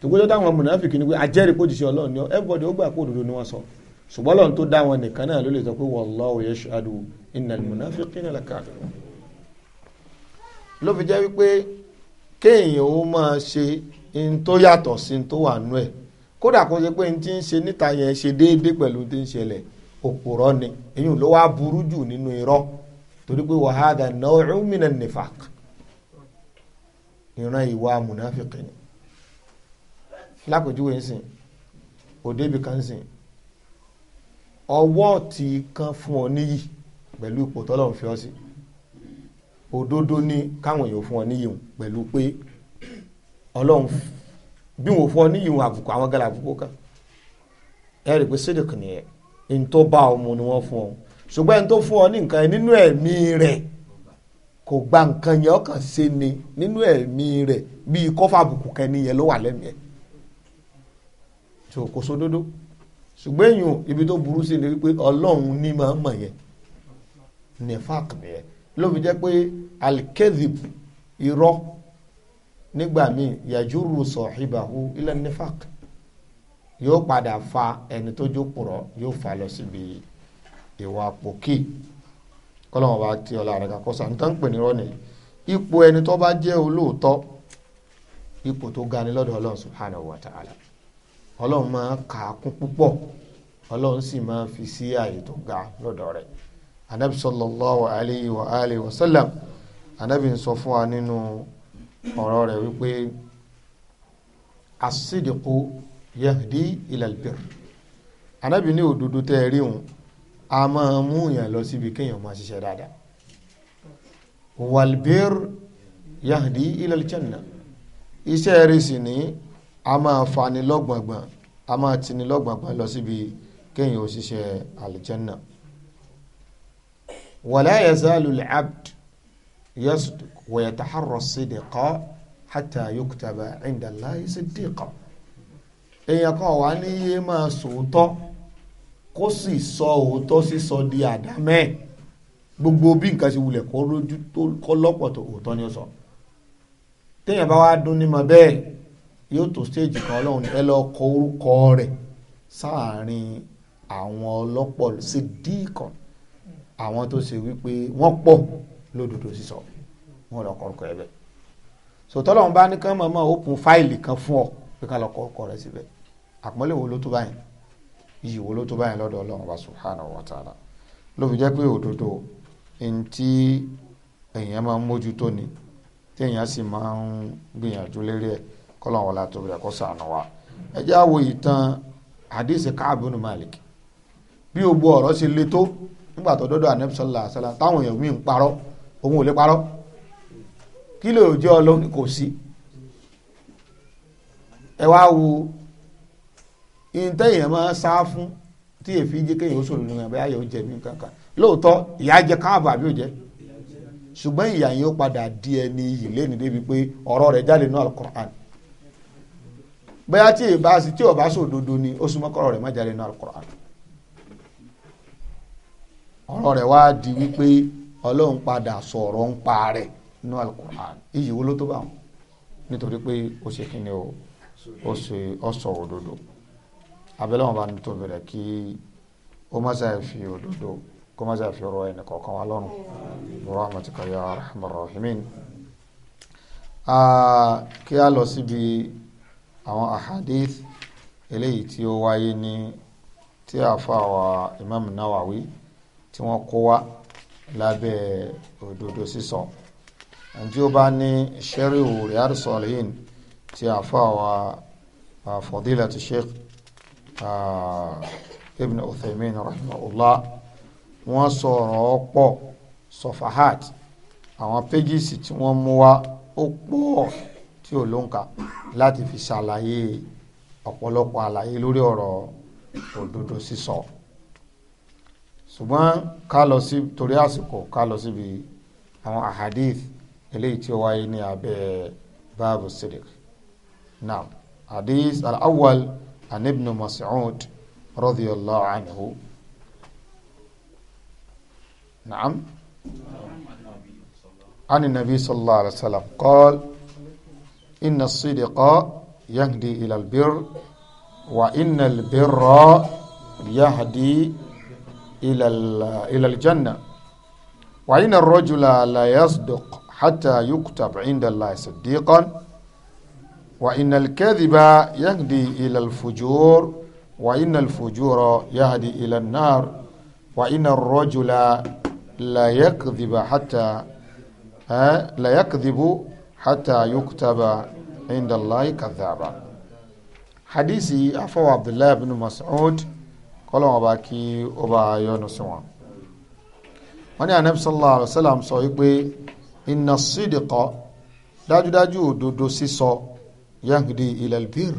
[SPEAKER 1] tòkójọ́ táwọn mùnàfíkì ni pé ajẹ́rìí kò jìṣẹ́ ọlọ́run ni everybody ó gbà pé òdodo ni wọ́n sọ ṣùgbọ́n ọlọ́run tó dá wọn nìkan náà ló lè sọ pé wallahu yashhadu innal munafiqina lakafirun ló fi jẹ́ wípé kéèyàn ó máa ṣe in tó yàtọ̀ sí tó wà nú ẹ̀ kódà kó ṣe pé n ti ń ṣe níta yẹn ṣe déédéé pẹ̀lú ti ń ṣẹlẹ̀ òpòrọ́ ni èyí ló wá burú jù nínú irọ́ torí pé wàhádà naw'un minan nifaq ìran ìwà mùnáfíkì ni lápèjúwe ń sìn òde ibì kan ń sìn ọwọ́ ti kan fún ọ níyì pẹ̀lú ipò tọ́lọ́run fi ọ sí òdodo ni káwọn èèyàn fún ọ níyìí pẹ̀lú pé ọlọ́run bí wọn fún ọ níyìí àbùkù àwọn gàlà àbùkù kan ẹ rí i pé sídìkì nìyẹn ní tó bá ọmọ ni wọ́n fún ọ ṣùgbọ́n ẹni tó fún ọ ní nǹkan nínú ẹ̀mí rẹ̀ kò gba nǹkan yẹn ọkàn ṣe ni nínú ẹ̀mí rẹ̀ bíi kọ́fà àbùkù kẹ́ni yẹn ló wà lẹ́mìí ẹ̀ tó kò sódodo ṣùgbọ́n èèyàn ibi tó burú sí ni wípé ọlọ́run ní máa ń mọ̀ yẹn nefak nìyẹn ló fi jẹ́ pé alkedhib irọ́ nígbà míì yajuru sọ̀híbàhu ila nifaq yóò padà fa ẹni tó jókòrọ̀ yóò fa lọ síbi ìwà pòkì kọ́lọ́mọ̀ bá ti ọ̀la rẹ̀ kakọ́ sàn tán pè ní rọ́ọ̀nì ipò ẹni tó bá jẹ́ olóòótọ́ ipò tó ga ni lọ́dọ̀ ọlọ́run subhanahu wa ta'ala ọlọ́run máa kà á kún púpọ̀ ọlọ́run sì máa fi sí ààyè tó ga lọ́dọ̀ rẹ̀ anabi sallallahu alayhi wa alayhi wa sallam anabi ń sọ fún wa nínú ọ̀rọ̀ rẹ̀ wípé asidiku yahdi ilalbir anabi ní òdodo tẹ́ ẹ rí òun a máa mú yàn lọ síbi kéèyàn máa ṣiṣẹ́ dáadáa walbir yahdi ilaljanna iṣẹ́ rẹ̀ sì ní a máa fani lọ́gbọ̀ngbọ̀n a máa tini lọ́gbọ̀ngbọ̀n lọ síbi kéèyàn ó ṣiṣẹ́ aljanna. ولا يزال العبد يصدق yasduq wa حتى يكتب عند الله yuktaba inda Allahi siddiqa èèyàn kan wà ní yé máa sòótọ́ kó sì sọ òótọ́ sísọ di àdámẹ́ gbogbo bí nǹkan ṣe wulẹ̀ kó lójú tó kọ́ lọ́pọ̀ tó òótọ́ ni ó sọ téèyàn bá wá dún ní bẹ́ẹ̀ yóò tó stage kan ọlọ́run ẹ lọ kọ orúkọ rẹ̀ sáàárín àwọn ọlọ́pọ̀ sí díìkan àwọn tó ṣe wípé wọ́n pọ̀ lódodo sísọ wọn lọ kọ́kọ́ ẹ bẹ̀ sòtọ́lọ́ wọn bá ní kán mọ̀mọ́ òpin fáìlì kan fún ọ pé ká lọ kọ́kọ́ rẹ síbẹ̀ àpọ́nlé wo ló tó báyìí iyì wo ló tó báyìí lọ́dọ̀ ọlọ́run wa subhanahu wa ta'ala ló fi jẹ́ pé òdodo ntí èèyàn máa ń mójútó ni tí èèyàn sì máa ń gbìyànjú lérí ẹ̀ kọ́lọ́run wọlé àtòbí rẹ̀ kó ṣàánú wa ẹ jẹ́ á wo ìtàn hadisi Ka'ab bin Malik bí gbogbo ọ̀rọ̀ ṣe le tó nígbà tó dọ́dọ̀ anabi sallallahu alaihi wasallam táwọn èèyàn mi ń parọ́ òun ò lè parọ́ kí lè jẹ́ ọlọ́run kò sí ẹ wá wo ìtẹ̀yìn máa sá fún tí èfi jẹ́ kéèyàn ó sòrò nìyẹn bẹ́ẹ̀ ayọ̀ jẹ mí kankan lóòótọ́ ìyá jẹ káàbà àbí ò jẹ ṣùgbọ́n ìyá yẹn ó padà di ẹni yìí lẹ́nu débi pé ọ̀rọ̀ rẹ̀ jáde ní alukur'an bẹ́ẹ̀ tí ìbá sí tí ọba sòdodo ni ó súnmọ́ kọ́rọ̀ rẹ̀ má jáde ní alukur'an ọ̀rọ̀ rẹ̀ wá di wípé ọlọ́run padà sọ̀rọ̀ ń pa rẹ̀ nínú alukur'an iyì wo ló tó bá wọn nítorí pé ó ṣe kíni o ó ṣe ọ̀sọ̀ òdodo abẹ́lẹ́ wọn bá ní tóbi rẹ̀ kí ó má ṣe fi òdodo kó má ṣe fi ọ̀rọ̀ ẹnì kọ̀ọ̀kan wa lọ́rùn rahmatika ya rahman rahimin kí a lọ síbi àwọn ahadith eléyìí tí ó wáyé ní tí àfa wa imam nawawi tí wọ́n kó wá lábẹ́ òdodo sísọ àti ó bá ní sẹ́ríwò Riyadu Salihin tí a fọ́ àwọn fadilatu Sheikh Ibn Uthaymin rahimahullah wọ́n sọ̀rọ̀ ọ̀pọ̀ sọfahat àwọn péjìsì tí wọ́n mú wá ó pọ̀ tí ò ló ń kà láti fi ṣàlàyé ọ̀pọ̀lọpọ̀ àlàyé lórí ọ̀rọ̀ òdodo sísọ. So ṣùgbọ́n ká lọ sí torí àsìkò ká lọ síbi àwọn ahadith eléyìí tí ó wáyé ní abẹ́ báàbù sidik now hadith al-awwal an ibn mas'ud radiyallahu anhu naam عن النبي صلى الله عليه وسلم قال إن الصدق يهدي إلى البر وإن البر يهدي إلى إلى الجنة وإن الرجل لا يصدق حتى يكتب عند الله صديقا وإن الكذب يهدي إلى الفجور وإن الفجور يهدي إلى النار وإن الرجل لا يكذب حتى لا يكذب حتى يكتب عند الله كذابا حديثي أفو عبد الله بن مسعود kọ́lọ́n ọba kí ó bá yọ́nú sí wọn. wọ́n ní anabi sallallahu alayhi wa sallam sọ wípé inna sídìkọ́ dájúdájú òdodo sísọ yahudi ilal bir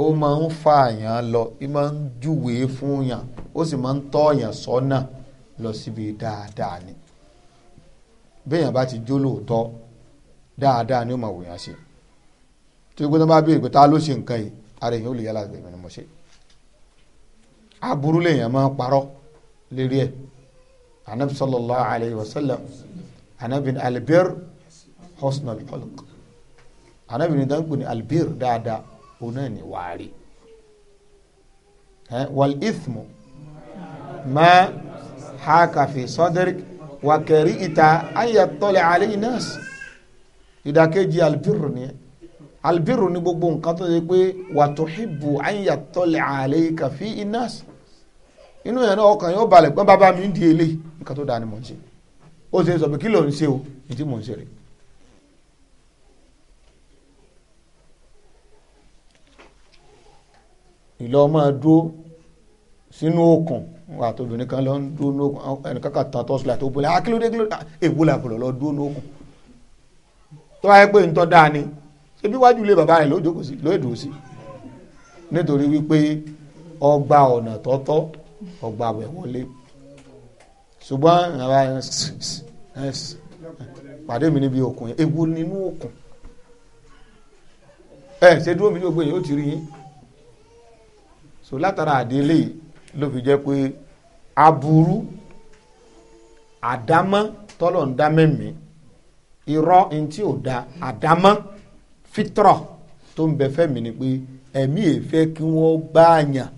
[SPEAKER 1] ó máa ń fa àyàn lọ ó máa ń júwèé fún yàn ó sì máa ń tọ́ yàn sọ́nà lọ síbi dáadáa ni béèyàn bá ti jó lóòótọ́ dáadáa ni ó máa wòyàn ṣe tí gbogbo náà bá béèrè pé ta ló ṣe nǹkan yìí ara èèyàn ó lè yálà ìgbìmọ̀ ni mo ṣe aburú lèèyàn máa parọ́ lérí ẹ̀ anabi sallallahu alayhi wa sallam anabi albir husnul khuluq anabi ni dánkù ni albir dáadáa òun náà ni wàárí wal ithmu ma haka fi sadrik wa kẹrí ìta ayatollah alayhi nas ìdàkejì albir ni ẹ albiru ni gbogbo nǹkan tó yẹ pé wàtò hibu ayatollah alayka fi inas inú yẹn náà ọkàn yóò balẹ̀ gbọ́n bàbá mi ń di eléyìí nǹkan tó dáa ni mò ń ṣe ó ṣe sọ pé kí ló ń ṣe o ní tí mò ń ṣe rè ìlọ máa dúró sínú òkun wà tó obìnrin kan lọ ń dúró ní òkun ẹnìkan kan tàn tọ́sílà tó ah, bọ́lá akílódé kílódé ah, èwo làbọ̀lọ̀ lọ dúró ní òkun tó wáyé pé ntọ́ dáa ni ṣebí wájú ilé bàbá rẹ̀ ló sí ló sí nítorí wípé ọgbà ọ̀nà tọ́tọ́ ọgbà wẹ̀ wọlé ṣùgbọ́n pàdé mi níbi òkun yẹn ewu nínú òkun ẹ ṣe dúró mi ní gbogbo yẹn ó ti rí yín so látara àdélé ló fi jẹ́ pé aburú àdámọ́ tọ́lọ̀ ń dá mẹ́mí irọ́ n tí ò da àdámọ́ fitrọ̀ tó ń bẹ fẹ́mi ni pé ẹ̀mí èfẹ́ kí wọ́n gbáàyàn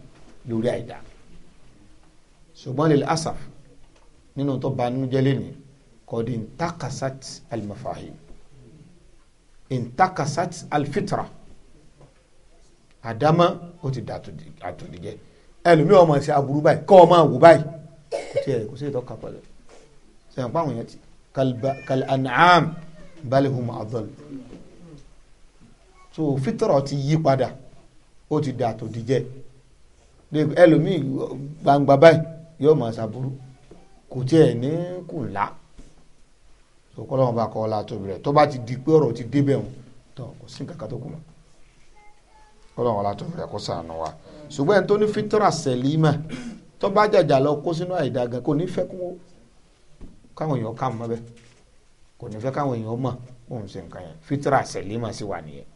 [SPEAKER 1] lórí àìdá ṣùgbọ́n lil asaf nínú tó ba nínú jẹ́lẹ̀ ni kọ́dí ntakasat alimafahim ntakasat alfitra àdámọ́ ó ti dà àtòdìjẹ́ ẹlòmíì ọmọ ẹ̀sẹ̀ aburú báyìí kọ́ ọmọ àwò báyìí kò tí ẹ̀ kò sí ìtọ́ka pẹ̀lú sẹ́yìn pa àwọn yẹn ti kal balihum adol so fitra ti yí padà ó ti dà àtòdìjẹ́ ẹlòmíì gbangba báyìí yóò máa ṣàbúrú kò tiẹ̀ ní kùlá sọkọlọ́wọ́n bá kọ́ ọ́ látọ̀bí rẹ̀ tó bá ti di pé ọ̀rọ̀ ti débẹ̀ wọn tó kò sí nǹkan kan tó kù mọ́ kọ́lọ́wọ́n látọ̀bí rẹ̀ kó sànù wa ṣùgbọ́n ẹni tó ní fitra sẹ̀límà tó bá jàjà lọ kó sínú àìdá gan kò ní fẹ́ kó káwọn èèyàn kà mọ́ bẹ́ẹ̀ kò ní fẹ́ káwọn èèyàn mọ̀ òun ṣe nǹkan yẹn fitra sẹ̀límà sì wà nìyẹn.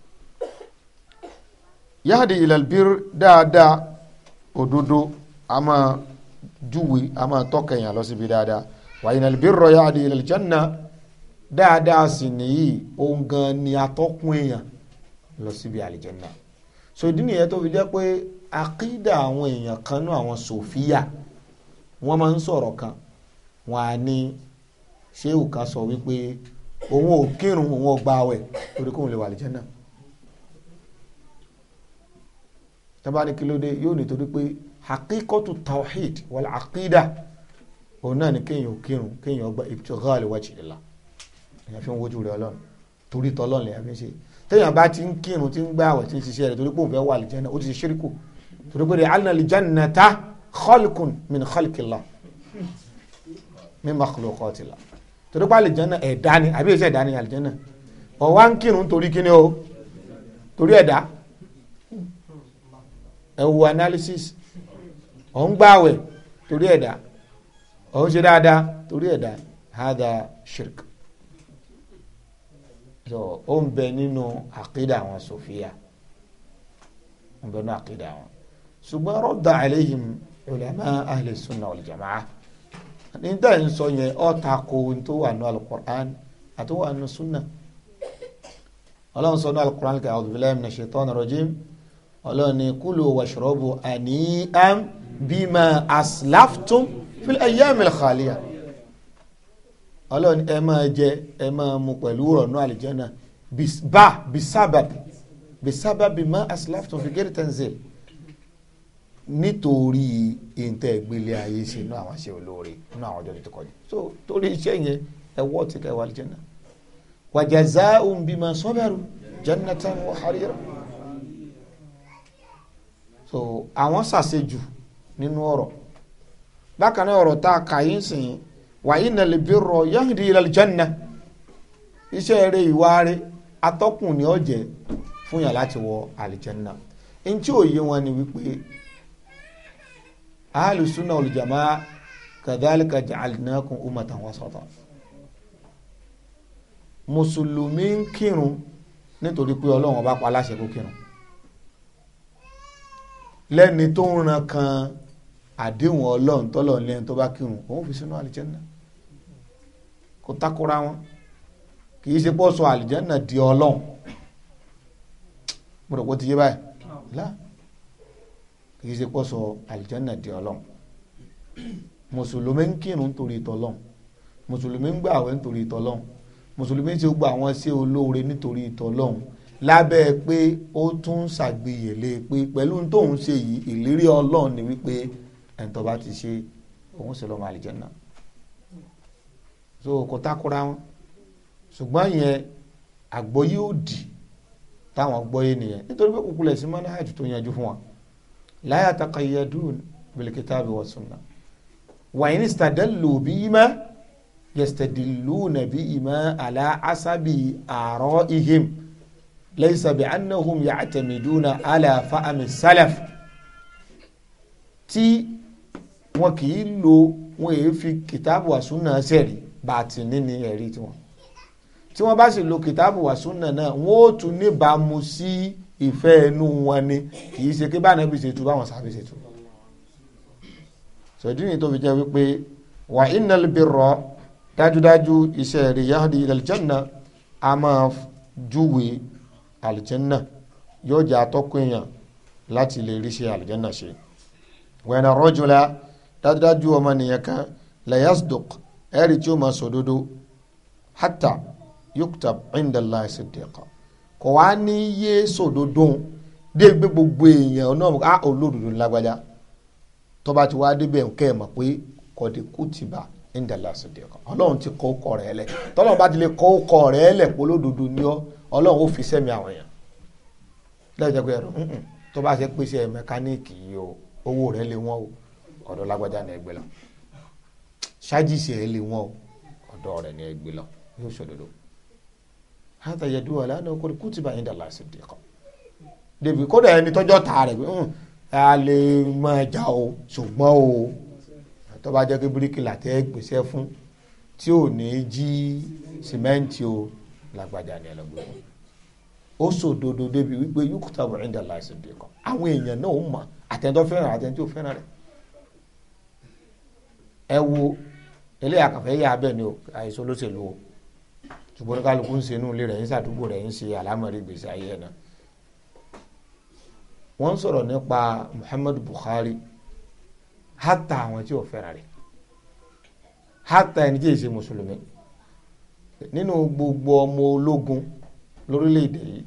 [SPEAKER 1] yáàdì ìlàlbír dáadáa òdodo àmọ́ júwe a máa tọ́ka èèyàn lọ síbi dáadáa wàyí nàlẹ́ bí rọ̀ yáàdì ilẹ̀ jẹ́nà dáadáa sì nìyí ohun gan ni atọ́kùn èèyàn lọ síbi àlìjẹ́nà so ìdí nìyẹn tó fi jẹ́ pé àkídà àwọn èèyàn kan náà àwọn sòfíà wọ́n máa ń sọ̀rọ̀ kan wọ́n á ní ṣéwù kan sọ wípé òun ò kírun òun ò gba àwẹ̀ torí kóun lè wà àlìjẹ́nà tábà ní kí yóò nítorí pé hakikatu tawhid wal aqida òun náà ni kéèyàn kírun kéèyàn ọgbà ibtighal wajhillah èèyàn fi ń wojú rẹ ọlọ́run torí tọ́lọ́run lèèyàn fi ń ṣe téèyàn bá ti ń kírun ti ń gbá àwẹ̀ tí ń ṣiṣẹ́ rẹ̀ torí pé òun fẹ́ wà àlìjẹ́nà ó ti ṣe ṣíríkù torí pé alna aljannata khalqun min khalqillah min makhluqatillah torí pé àlìjẹ́nà ẹ̀dá ni àbí èsì ẹ̀dá ni àlìjẹ́nà ọ̀wá ń kírun torí kíni o torí ẹ̀dá ẹ wo analysis ọ̀ ń gbààwẹ̀ torí ẹ̀dá ọ̀ ń ṣe dáadáa torí ẹ̀dá hada shirk so ó ń bẹ nínú àkídà àwọn sofia ń bẹ nínú àkídà àwọn ṣùgbọ́n rọ́dà àlẹ́yìn ulama ahli sunna wal jamaa ní dá ń sọ yẹn ọ́ ta ko ohun tó wà ní alukur'an àti wà ní sunna ọlọ́run sọ ní alukur'an kí a'udhu billahi minash shaitani rajim ọlọ́run ní kulu washrabu àníyàn bima aslaftum fil ayyamil khaliya ọlọ́run ẹ máa jẹ ẹ máa mu pẹ̀lú rọ̀nù àlìjọ́nà bá bisábàbí bisábàbí ma aslaftum fi gẹ́rì tanzil nítorí ìntẹ́ ìgbélé ayé ṣe inú àwọn ṣe olóore inú àwọn ọjọ́ tó kọjá so torí iṣẹ́ yẹn ẹwọ́ ti kẹwàá àlìjọ́nà wa jazaa'un bima sabaru jannatan wa harira so àwọn ṣàṣejù nínú ọ̀rọ̀ bákan náà ọ̀rọ̀ tá a kà yín sìn yín wàyí nàlẹ́ bí rọ yahdi ilal janna iṣẹ́ rẹ ìwà rẹ atọ́kùn ni ó jẹ́ fún yàn láti wọ àlìjẹ́nà ntí òye wọn ni wípé alùsùnà olùjàmá kadhalika ja'alnakum umatan wasata mùsùlùmí ń kírun nítorí pé ọlọ́run ọba pa aláṣẹ kó kírun lẹ́ni tó ń ran kan àdéhùn ọlọ́run tọ́lọ́run lẹ́yìn tó bá kírun òun fi sínú àlìjẹ́nà kò takora wọn kì í ṣe pọ́ sọ àlìjẹ́nà di ọlọ́run mo rò pé ó ti yé báyìí lá kì í ṣe pọ́ sọ àlìjẹ́nà di ọlọ́run mùsùlùmí ń kírun nítorí tọ́lọ́run mùsùlùmí ń gbààwẹ̀ nítorí tọ́lọ́run mùsùlùmí ti gba àwọn ṣé olóore nítorí tọ́lọ́run lábẹ́ pé ó tún ṣàgbéyèlé pé pẹ̀lú tóun ṣe yìí ìlérí ọlọ́run ni wípé ẹni tó bá ti ṣe òun sì lọ́mọ àlìjẹ́nà so kò takora wọn ṣùgbọ́n yẹn àgbọ́yé òdì táwọn gbọ́yé nìyẹn nítorí pé kúkúlẹ̀ sí manhaj tó yanjú fún wa la yataqayyadun bil kitabi wa sunnah wa in istadallu bihima yastadilluna bihima ala asabi ara'ihim laysa bi annahum ya'tamiduna ala fahmi salaf tí wọn kì í lo wọn èé fi kìtàbù àsúnà sẹ̀rí bàtì níní ẹ̀rí tiwọn tí wọ́n bá sì lo kìtàbù àsúnà náà wọ́n ó tún níbàámu sí ìfẹ́ ẹnu wọn ni kì í ṣe kí bá nàbì ṣètò báwọn sàbí ṣètò sọ̀dí ni tó fi jẹ́ wípé wà innal birra dájúdájú iṣẹ́ rẹ̀ yahdi ilal a máa júwe àlìjẹ́nà yóò jẹ́ atọ́kùn èèyàn láti lè rí ṣe ṣe wẹ̀nà rọ́jùlá dájúdájú ọmọnìyàn kan layasduk ẹ̀rí tí ó máa sòdodo hata yuktab indala sidiqa kò wá ní yé sòdodo dé gbé gbogbo èèyàn náà á ah, olódodo lágbájá tó bá ti wá débẹ̀ nkẹ́ ẹ̀ mọ̀ pé kọ̀dé kùtìbà indala sidiqa ọlọ́run ti kọ́ ọkọ rẹ̀ lẹ̀ tọ́lọ́run bá ti lè kọ́ ọkọ rẹ̀ lẹ̀ polódodo ni ọ́ ọlọ́run ó fi sẹ́mi àwọn èèyàn lẹ́yìn tó bá ṣe pèsè mẹkáníìkì yìí o owó rẹ̀ lé wọ́n o ọ̀dọ̀ lágbájá ni ẹ gbé lọ ṣáàjìsì ẹ lé wọn ọ̀dọ̀ rẹ̀ ni ẹ gbé lọ yóò ṣòdodo hàtà yẹdu ọ̀la ẹni okòrò kùtìbà yín dàlá sí dìkọ débi kódà ẹni tọ́jọ́ ta rẹ̀ pé a lè máa jà o ṣùgbọ́n o tó bá jẹ́ pé bíríkìlà tẹ́ ẹ gbèsè fún tí ò ní jí sìmẹ́ǹtì o lágbájá ni ẹ lọ gbé wọn ó ṣòdodo débi wípé yóò kúta wọ̀ ẹ̀ ń dàlá sí dìkọ àwọn èèyàn náà ó mọ àtẹ̀ntọ́ fẹ́ràn àtẹ̀ntí fẹ́ràn rẹ̀ ẹ wo eléyà kàfẹ́ yà bẹ́ẹ̀ ni o àìsàn olóṣèlú o ṣùgbọ́n kálukú ń ṣe inú ilé rẹ̀ ń ṣàdúgbò rẹ̀ ń ṣe àlámọ̀rí gbèsè ayé ẹ̀ náà wọ́n ń sọ̀rọ̀ nípa Muhammad Buhari hátà àwọn tí ò fẹ́ra rẹ̀ hátà ẹni tí ì ṣe mùsùlùmí nínú gbogbo ọmọ ológun lórílẹ̀‐èdè yìí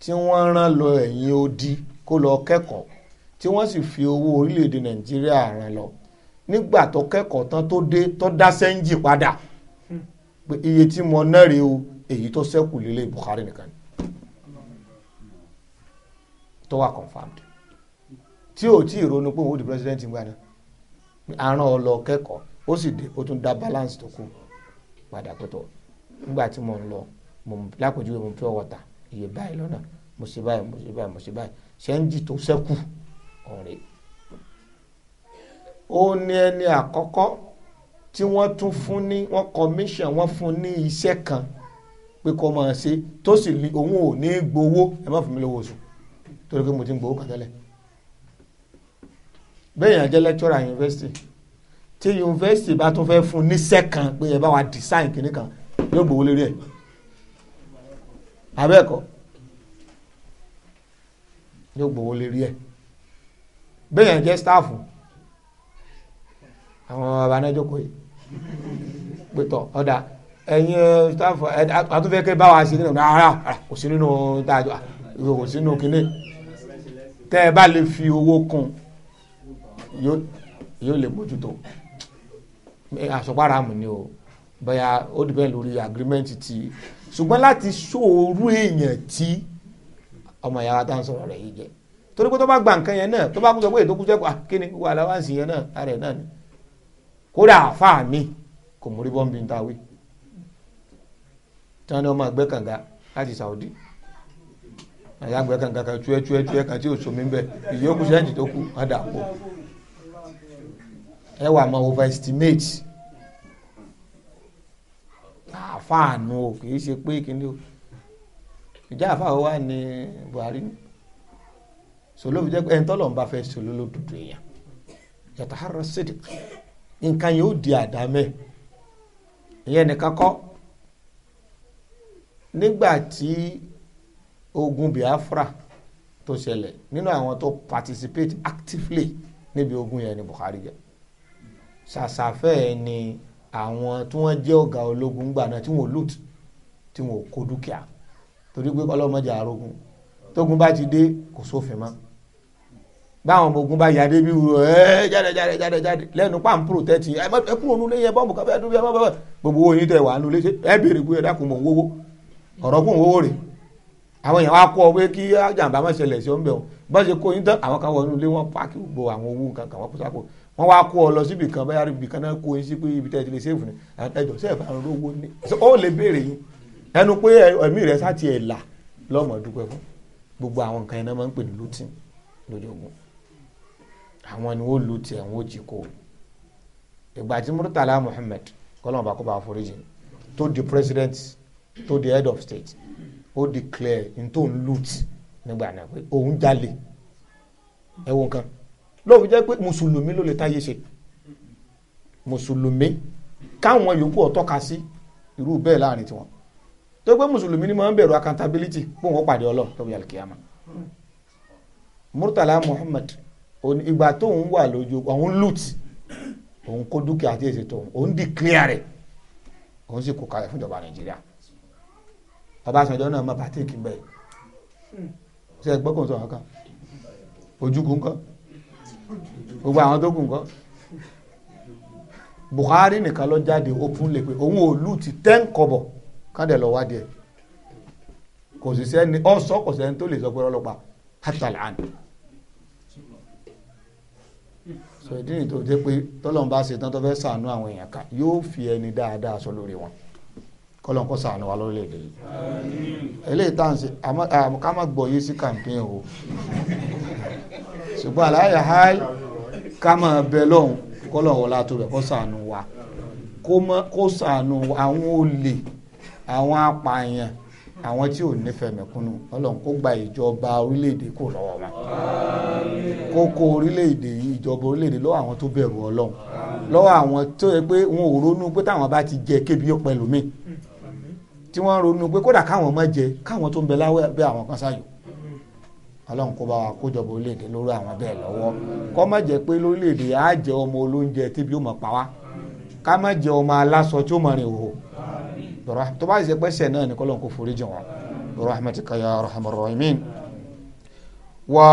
[SPEAKER 1] tí wọ́n rán lọ ẹ̀yìn odi kó lọ kẹ́kọ̀ọ́ tí wọ́n sì fi owó orílẹ̀‐èdè Nàìjíríà rán lọ nígbà tó kẹ́kọ̀ọ́ tán tó dé tó dá sẹ́ńjì padà pé iye tí mo ná rèé o èyí tó sẹ́kù lílé Bukhari nìkan ni tó wà confirmed tí ò tí ìrònú pé òun di president ń gbà náà aràn ọ lọ kẹ́kọ̀ọ́ ó sì dé ó tún dá balance tó kù padà pẹ̀tọ̀ nígbà tí mo ń lọ mo lápèjúwe mo pure water iye báyìí lọ́nà mo ṣe báyìí mo ṣe báyìí mo ṣe báyìí ṣẹ́ńjì tó sẹ́kù ọ̀rẹ́ ó ní ẹni àkọ́kọ́ tí wọ́n tún fún ní wọ́n commission wọ́n fún ní iṣẹ́ kan pé kó máa ṣe tó sì ní òun ò ní gbowó ẹ má fún mi lówó oṣù torí pé mo ti ń gbowó kan tẹ́lẹ̀ bẹ́ẹ̀ yẹn jẹ́ lecturer yunifásitì tí yunifásitì bá tún fẹ́ fún níṣẹ́ kan pé ẹ bá wa design kìíní kan yóò gbowó lórí ẹ̀ abẹ́ẹ̀kọ́ yóò gbowó lórí ẹ̀ bẹ́ẹ̀ yẹn jẹ́ staff àwọn abanájókòó yìí pẹ̀tọ̀ ọ̀dà ẹ̀yin eh, sáfọ̀ àtúnfẹ́ eh, kẹ́ bá wa ṣe nínú ara kò sí nínú dájọ́ kò sí nínú kíní tẹ́ ẹ bá lè fi owó kún yóò lè mójútó àsọpára mù ni o bẹ́ẹ̀ ó dìbẹ́ lórí agreement ti ṣùgbọ́n láti ṣòro èèyàn tí ọmọ yàrá tá à ń sọ̀rọ̀ rẹ̀ yìí jẹ́ torí pé tó bá gba nǹkan yẹn náà tó bá kú sọ pé ètò kú sẹ́kù ah kí ni yẹn náà ara ẹ̀ náà ni kódà àfa mi kò mórí bọ́m̀bì ń tawí tí wọ́n ní ọmọ ẹgbẹ́ kànga láti Saudi àyà ẹgbẹ́ kànga kan tú ẹ tú ẹ tú ẹ kan tí ò sómi ń bẹ ìyókù sẹ́ǹtì tó kù á dà pọ̀ ẹ wà máa overestimate àfàànù o kì í ṣe pé kíní o ìjà àfààwọ wa ni Buhari ní sọlọ́ọ̀bù jẹ́ pé ẹni tọ́lọ̀ ń bá fẹ́ sọlọ́ọ̀lù dùdú èèyàn yàtọ̀ àrò sídìkì nǹkan yóò di àdámẹ́ ìyẹn nìkan kọ́ nígbà tí ogun Biafra tó ṣẹlẹ̀ nínú àwọn tó participate actively níbi ogun yẹn ni Buhari jẹ́ ṣàṣàfẹ́ ni àwọn tí wọ́n jẹ́ ọ̀gá ológun gbà náà tí wọ́n loot tí wọ́n kó dúkìá torí pé ọlọ́mọdé àrògùn tógun bá ti dé kò sófin mọ́ báwọn ọmọ ogun bá yàrá bí wúro ẹ jáde jáde jáde jáde lẹ́nu pàmpro tẹ́tì ẹ kúrò nulẹ̀ yẹ bọ́ọ̀mù káfíà dúró yẹ bọ́ọ̀mù gbogbo owó yín tẹ̀ wà nulẹ̀ ẹ béèrè pé ẹ dákun mọ̀ ń wówó ọ̀rọ̀ kún wówó rè àwọn èèyàn wa kọ́ ọ pé kí jàǹbá má ṣẹlẹ̀ sí ọ̀nbẹ̀ o bá ṣe kó yín tán àwọn kan wọnú ilé wọn páàkì gbogbo àwọn owó nǹkan kan wọn kó sáko wọn wá kó ọ lọ síbi kan báyà ibì kan náà kó yín sí pé ibi tẹ́ ẹ ti lè ṣèfù ni ẹjọ́ sẹ́ẹ̀ bá ń rówó ní ó lè béèrè yín ẹnu pé ẹ̀mí rẹ̀ sá ti ẹ̀ là lọ́mọ dúpẹ́ fún gbogbo àwọn nǹkan yẹn náà máa ń pè ní lótìn lójoogun àwọn ni wọ́n lu tiẹ̀ wọ́n jí kó ìgbà tí Murtala Muhammed kọ́lọ́n bá kó bá foríjì tó di president tó di head of state ó declare ntó ń loot nígbà náà pé òun jalè ẹ wo nǹkan lóòfin jẹ́ pé mùsùlùmí ló lè táyé ṣe mùsùlùmí káwọn yòókù ọ̀tọ́ka sí irú bẹ́ẹ̀ láàrin tiwọn tó pé mùsùlùmí ni máa ń bẹ̀rù accountability pé òun pàdé ọlọ́run tó bí alkiyama Murtala Muhammed ìgbà tóun wà lójú òun lùt òun kó dúkìá tí èsì tóun òun dìklíà rẹ̀ òun sì kó kalẹ̀ fún ìjọba nàìjíríà Ọbásanjọ́ náà má pàtíkì bẹ́ẹ̀ ṣe gbọ́kàn sọ̀rọ̀ kan ojúkun kan gbogbo àwọn tó kù kan Buhari nìkan ló jáde open lè pe òun ò lùt ten kọ́bọ̀ kádẹ lọ wá díẹ̀ kò sì sẹ́ni ọsọ kò sẹ́ni tó lè sọ pé ọlọ́pàá hàtàlá sọ ìdí nìyí tó jẹ́ pé tọ́lọ́n bá ṣe tán tó fẹ́ sànú àwọn èèyàn kan yóò fi ẹni dáadáa sọ lórí wọn kọ́lọ́n kó sànú wa lórílẹ̀‐èdè yìí eléyìí tá à ń ṣe ká má gbọ́ yìí sí campaign o ṣùgbọ́n àlàyé háì ká máa bẹ lọ́hùn kọ́lọ́n wọlá tó rẹ̀ kó sànú wa kó sànú àwọn olè àwọn apààyàn àwọn tí ò nífẹ̀ẹ́ mẹ̀kúnnù ọlọ́run kó gba ìjọba orílẹ̀-èdè kò lọ́wọ́ wọn kó kó orílẹ̀-èdè yìí ìjọba orílẹ̀-èdè lọ́wọ́ àwọn tó bẹ̀rù ọlọ́run lọ́wọ́ àwọn tó yẹ pé wọn ò ronú pé táwọn bá ti jẹ kébi pẹ̀lú mi tí wọ́n ronú pé kódà káwọn má jẹ káwọn tó ń bẹ láwẹ́ bẹ́ àwọn kan sáyò ọlọ́run kó bá wa kójọba orílẹ̀-èdè lórí àwọn bẹ́ẹ̀ lọ́wọ́ kó má jẹ́ pé lórílẹ̀-èdè á jẹ ọmọ olóúnjẹ tíbi ó mọ̀ pa wá ká má jẹ ọmọ aláṣọ tí ó mọ̀ rìn òhò tó bá ṣe pẹ́sẹ̀ náà ní kọ́lọ́n kó forí jìn wọn rahmatika ya arhamar rahimin wa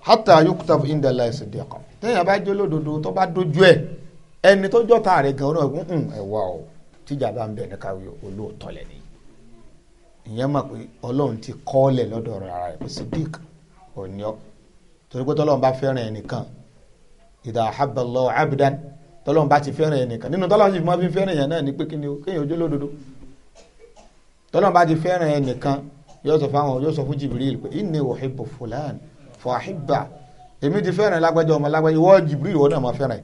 [SPEAKER 1] hatta yuktab inda Allahi siddiqan tẹ́yìn bá jẹ́ olódodo tó bá dojú ẹ̀ ẹni tó jọ́ta rẹ̀ gan-an ọ̀gbun mm, ẹ̀wà o tíjà bá ń bẹ̀ ní káwé olóòótọ́ lẹ́ni ìyẹn mọ̀ pé ọlọ́run ti kọ́ọ̀lẹ̀ lọ́dọ̀ ara rẹ̀ kò sí dick òní torí pé tọ́lọ́run bá fẹ́ràn ẹnìkan idha habba Allahu abdan tọ́lọ́run bá ti fẹ́ràn ẹnìkan nínú tọ́lọ́run sì fi mọ́ fi fẹ́ràn yẹn náà ní pé kí ni o kéèyàn ojú lódodo tọ́lọ́run bá ti fẹ́ràn ẹnìkan yóò sọ fáwọn yóò sọ fún Jibril pé inni uhibbu fulan fahibba èmi ti fẹ́ràn lágbájá ọmọ lágbájá ìwọ Jibril ìwọ náà máa fẹ́ràn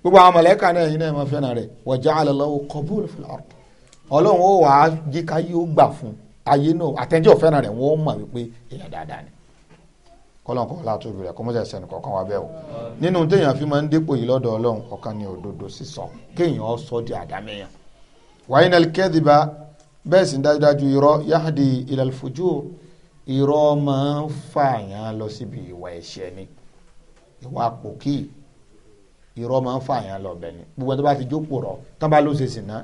[SPEAKER 1] gbogbo àwọn mọ̀lẹ́kà náà yìí náà máa fẹ́ràn rẹ̀ wa ja'ala lahu qabul fil ard ọlọ́run ó wàá jíkáyé ó gbà fún ayé náà àtẹ́jọ́ fẹ́ràn rẹ̀ wọ́n mọ̀ wípé èèyàn dáadáa ni kọ́lọ́nkọ́ látòbí rẹ̀ kọ́mọ́sẹ̀ sẹ́nu kọ̀ọ̀kan wa bẹ́ẹ̀ o nínú téèyàn fi máa ń dépò yìí lọ́dọ̀ ọlọ́run ọ̀kan ni òdodo sísọ kéèyàn sọ di àdámẹ́yàn. wàyínà kẹ́dìbà bẹ́ẹ̀ sì ń dájúdájú irọ́ yáhàdì ìlàlùfojú irọ́ máa ń fààyàn lọ síbi ìwà ẹ̀ṣẹ̀ ni ìwà pòkì irọ́ máa ń fààyàn lọ bẹ́ẹ̀ ni gbogbo tó bá ti jókòó rọ tán bá ló ṣe sìn náà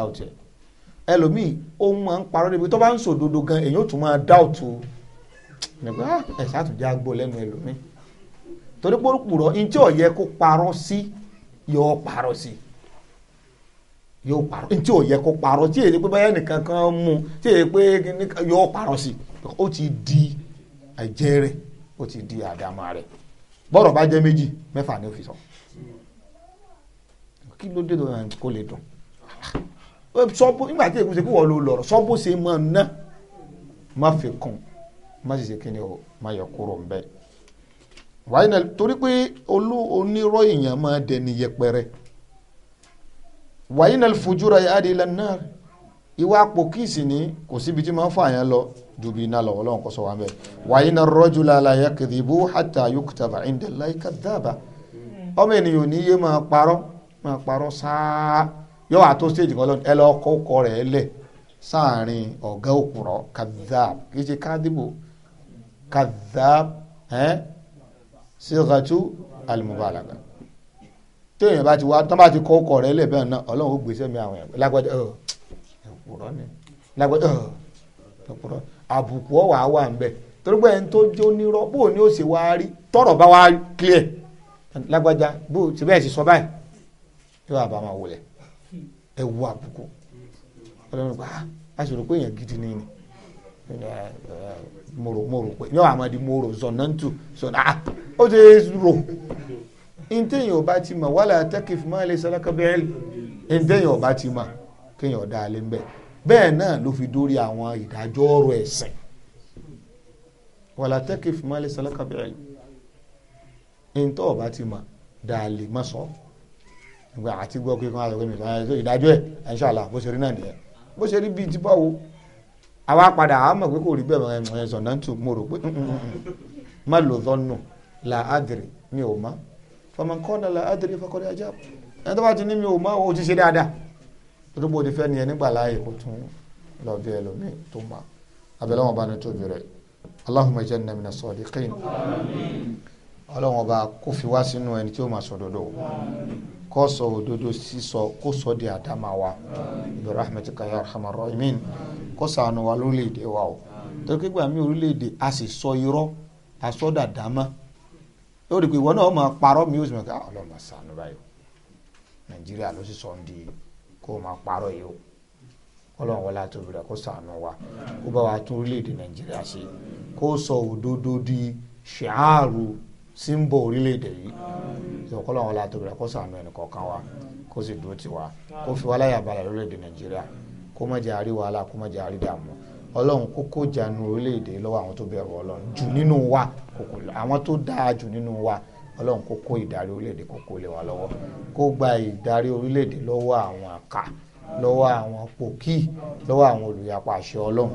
[SPEAKER 1] ẹ ẹlòmíì ó máa ń parọ́ débi tó bá ń sòdodo gan èyí ó tún máa dáòtù nígbà ah, ẹ̀sà tó já gbó lẹ́nu ẹlòmíì torí pé òpùrọ̀ ní tí ò yẹ kó parọ́ sí yóò parọ́ sí yóò parọ́ ní tí kó parọ́ tí èyí pé báyà nìkan kan mú tí èyí pé yóò parọ́ sí ó ti di ẹ̀jẹ̀ rẹ̀ ó ti di àdámọ́ rẹ̀ bọ́rọ̀ bá jẹ́ méjì mẹ́fà ni ó fi sọ kí ló dé tó kó lè dùn sọ́bù nígbà tí èkó ṣe kó wọ́n lo lọ̀rọ̀ sọ́bù ṣe mọ̀ ná má fi kún má sì ṣe kíni o má yọ kúrò ń bẹ́ẹ̀. wáyé náà torí pé olú onírọ̀ èèyàn máa dẹni yẹpẹrẹ wàyí náà fojúra yá di lẹ́nu náà ìwà àpò kíìsì ni kò síbi tí máa ń fààyàn lọ ju bí iná lọ ọlọ́run kọ́ sọ wá bẹ́ẹ̀ wàyí náà rọ́jú lálẹ́ ayé kìdìbò hàtà yókùtàbà ìndẹ̀láyé kàdáàbà ọmọ ènìyàn ò ní yé máa parọ́ yóò wà tó stage kan lọ́nà ẹ lọ kọ́ ọkọ rẹ̀ lẹ̀ sáàrin ọ̀gá òkùrọ̀ kì í ṣe alimubalaga téèyàn bá ti wá tán bá ti kọ́ ọkọ rẹ̀ lẹ̀ bẹ́ẹ̀ náà ọlọ́run ó gbèsè mi àwọn ẹ̀kọ́ lágbájá òkùrọ̀ ni lágbájá òkùrọ̀ àbùkù ọ̀ wà wà torí pé ẹni tó jó bó ni ó ṣe ẹ wo àbùkù ọlọ́run gba aṣòro ah, pé èèyàn gidi ni ah, ah, mòrò mòrò pé yọ àwọn di mòrò zọ̀nàntù zọ̀nà ó ti rò ntẹ̀yìn ọba ti ma, wàhálà tẹ́kìfì máa lè sọ́lákàbẹ́ẹ́lì ntẹ̀yìn ọba ti mọ̀ kéèyàn dá a lé ń bẹ́ẹ̀ bẹ́ẹ̀ náà ló fi dórí àwọn ìdájọ́ ọ̀rọ̀ ẹ̀sìn wàlá tẹ́kìfì máa lè sọ́lákàbẹ́ẹ́lì ọba ti mọ̀ dá a lè má ìgbà àti gbọ́ pé kí wọ́n á sọ pé mi sọ ẹ̀ ìdájọ́ ẹ̀ inshallah bó ṣe rí náà nìyẹn bó ṣe rí bíi ti báwo àwa padà á mọ̀ pé kò rí bẹ́ẹ̀ ẹ̀ sọ̀nà tù mo rò pé mm, mm, mm, má lò zọ́nù la adìrì mi ò má fọmọkọ́nà la adìrì fọkọ́rẹ́ ajá ẹni tó bá ti ní mi ò má o ti ṣe dáadáa tó bó ti fẹ́ nìyẹn nígbà láàyè kó tún lọ bí ẹlòmíì tó má abẹ́lẹ́ bá ní tóbi rẹ̀ Allahumma jẹ́nà mi nà sọ̀dí kéyìn ọlọ́wọ́n bá kó wá sínú ẹni tí ó máa sọ̀dọ̀dọ̀ o kó sọ òdodo sísọ kó di àdámà wa bi rahmatika ya arhamar rahimin kó ṣàánú wa lórílẹ̀‐èdè wa o torí pé gbàmí orílẹ̀‐èdè a sì sọ irọ́ a sọ dàdámà yóò rí i pé ìwọ náà máa parọ́ mi yóò sì máa kí ah, ọlọ́run máa ṣàánú báyìí nàìjíríà ló sì sọ ń di kó máa parọ́ yìí o ọlọ́run wọlé àtòbí rẹ̀ kó ṣàánú wa kó bá wa tún orílẹ̀ nàìjíríà ṣe kó òdodo di ṣàárù símbò orílẹ̀-èdè yìí ìṣọ̀kọ́lọ́ wọn látòbí rẹ̀ kó sànù ẹnì kọ̀ọ̀kan wa kó sì dúró tiwa kó fi wá láyà balẹ̀ lórílẹ̀-èdè nàìjíríà kó má jẹ́ àrí wàhálà kó má jẹ́ àrí dààmú ọlọ́run kó kó jànú orílẹ̀-èdè lọ́wọ́ àwọn tó bẹ̀rù ọlọ́run jù nínú wa àwọn tó dáa jù nínú wa ọlọ́run kó ìdarí orílẹ̀-èdè kó kó lọ́wọ́ kó gba ìdarí orílẹ̀-èdè lọ́wọ́ àwọn àka lọ́wọ́ àwọn pòkì lọ́wọ́ àwọn olùyapa àṣẹ ọlọ́run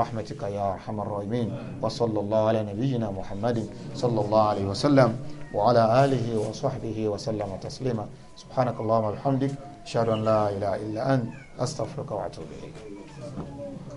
[SPEAKER 1] rahmatika ya arhamar rahimin wa sallallahu ala nabiyyina muhammadin sallallahu alayhi wa sallam wa ala alihi wa sahbihi wa sallama taslima subhanakallahumma wa bihamdik ashhadu an la ilaha illa ant astaghfiruka wa atubu ilayk.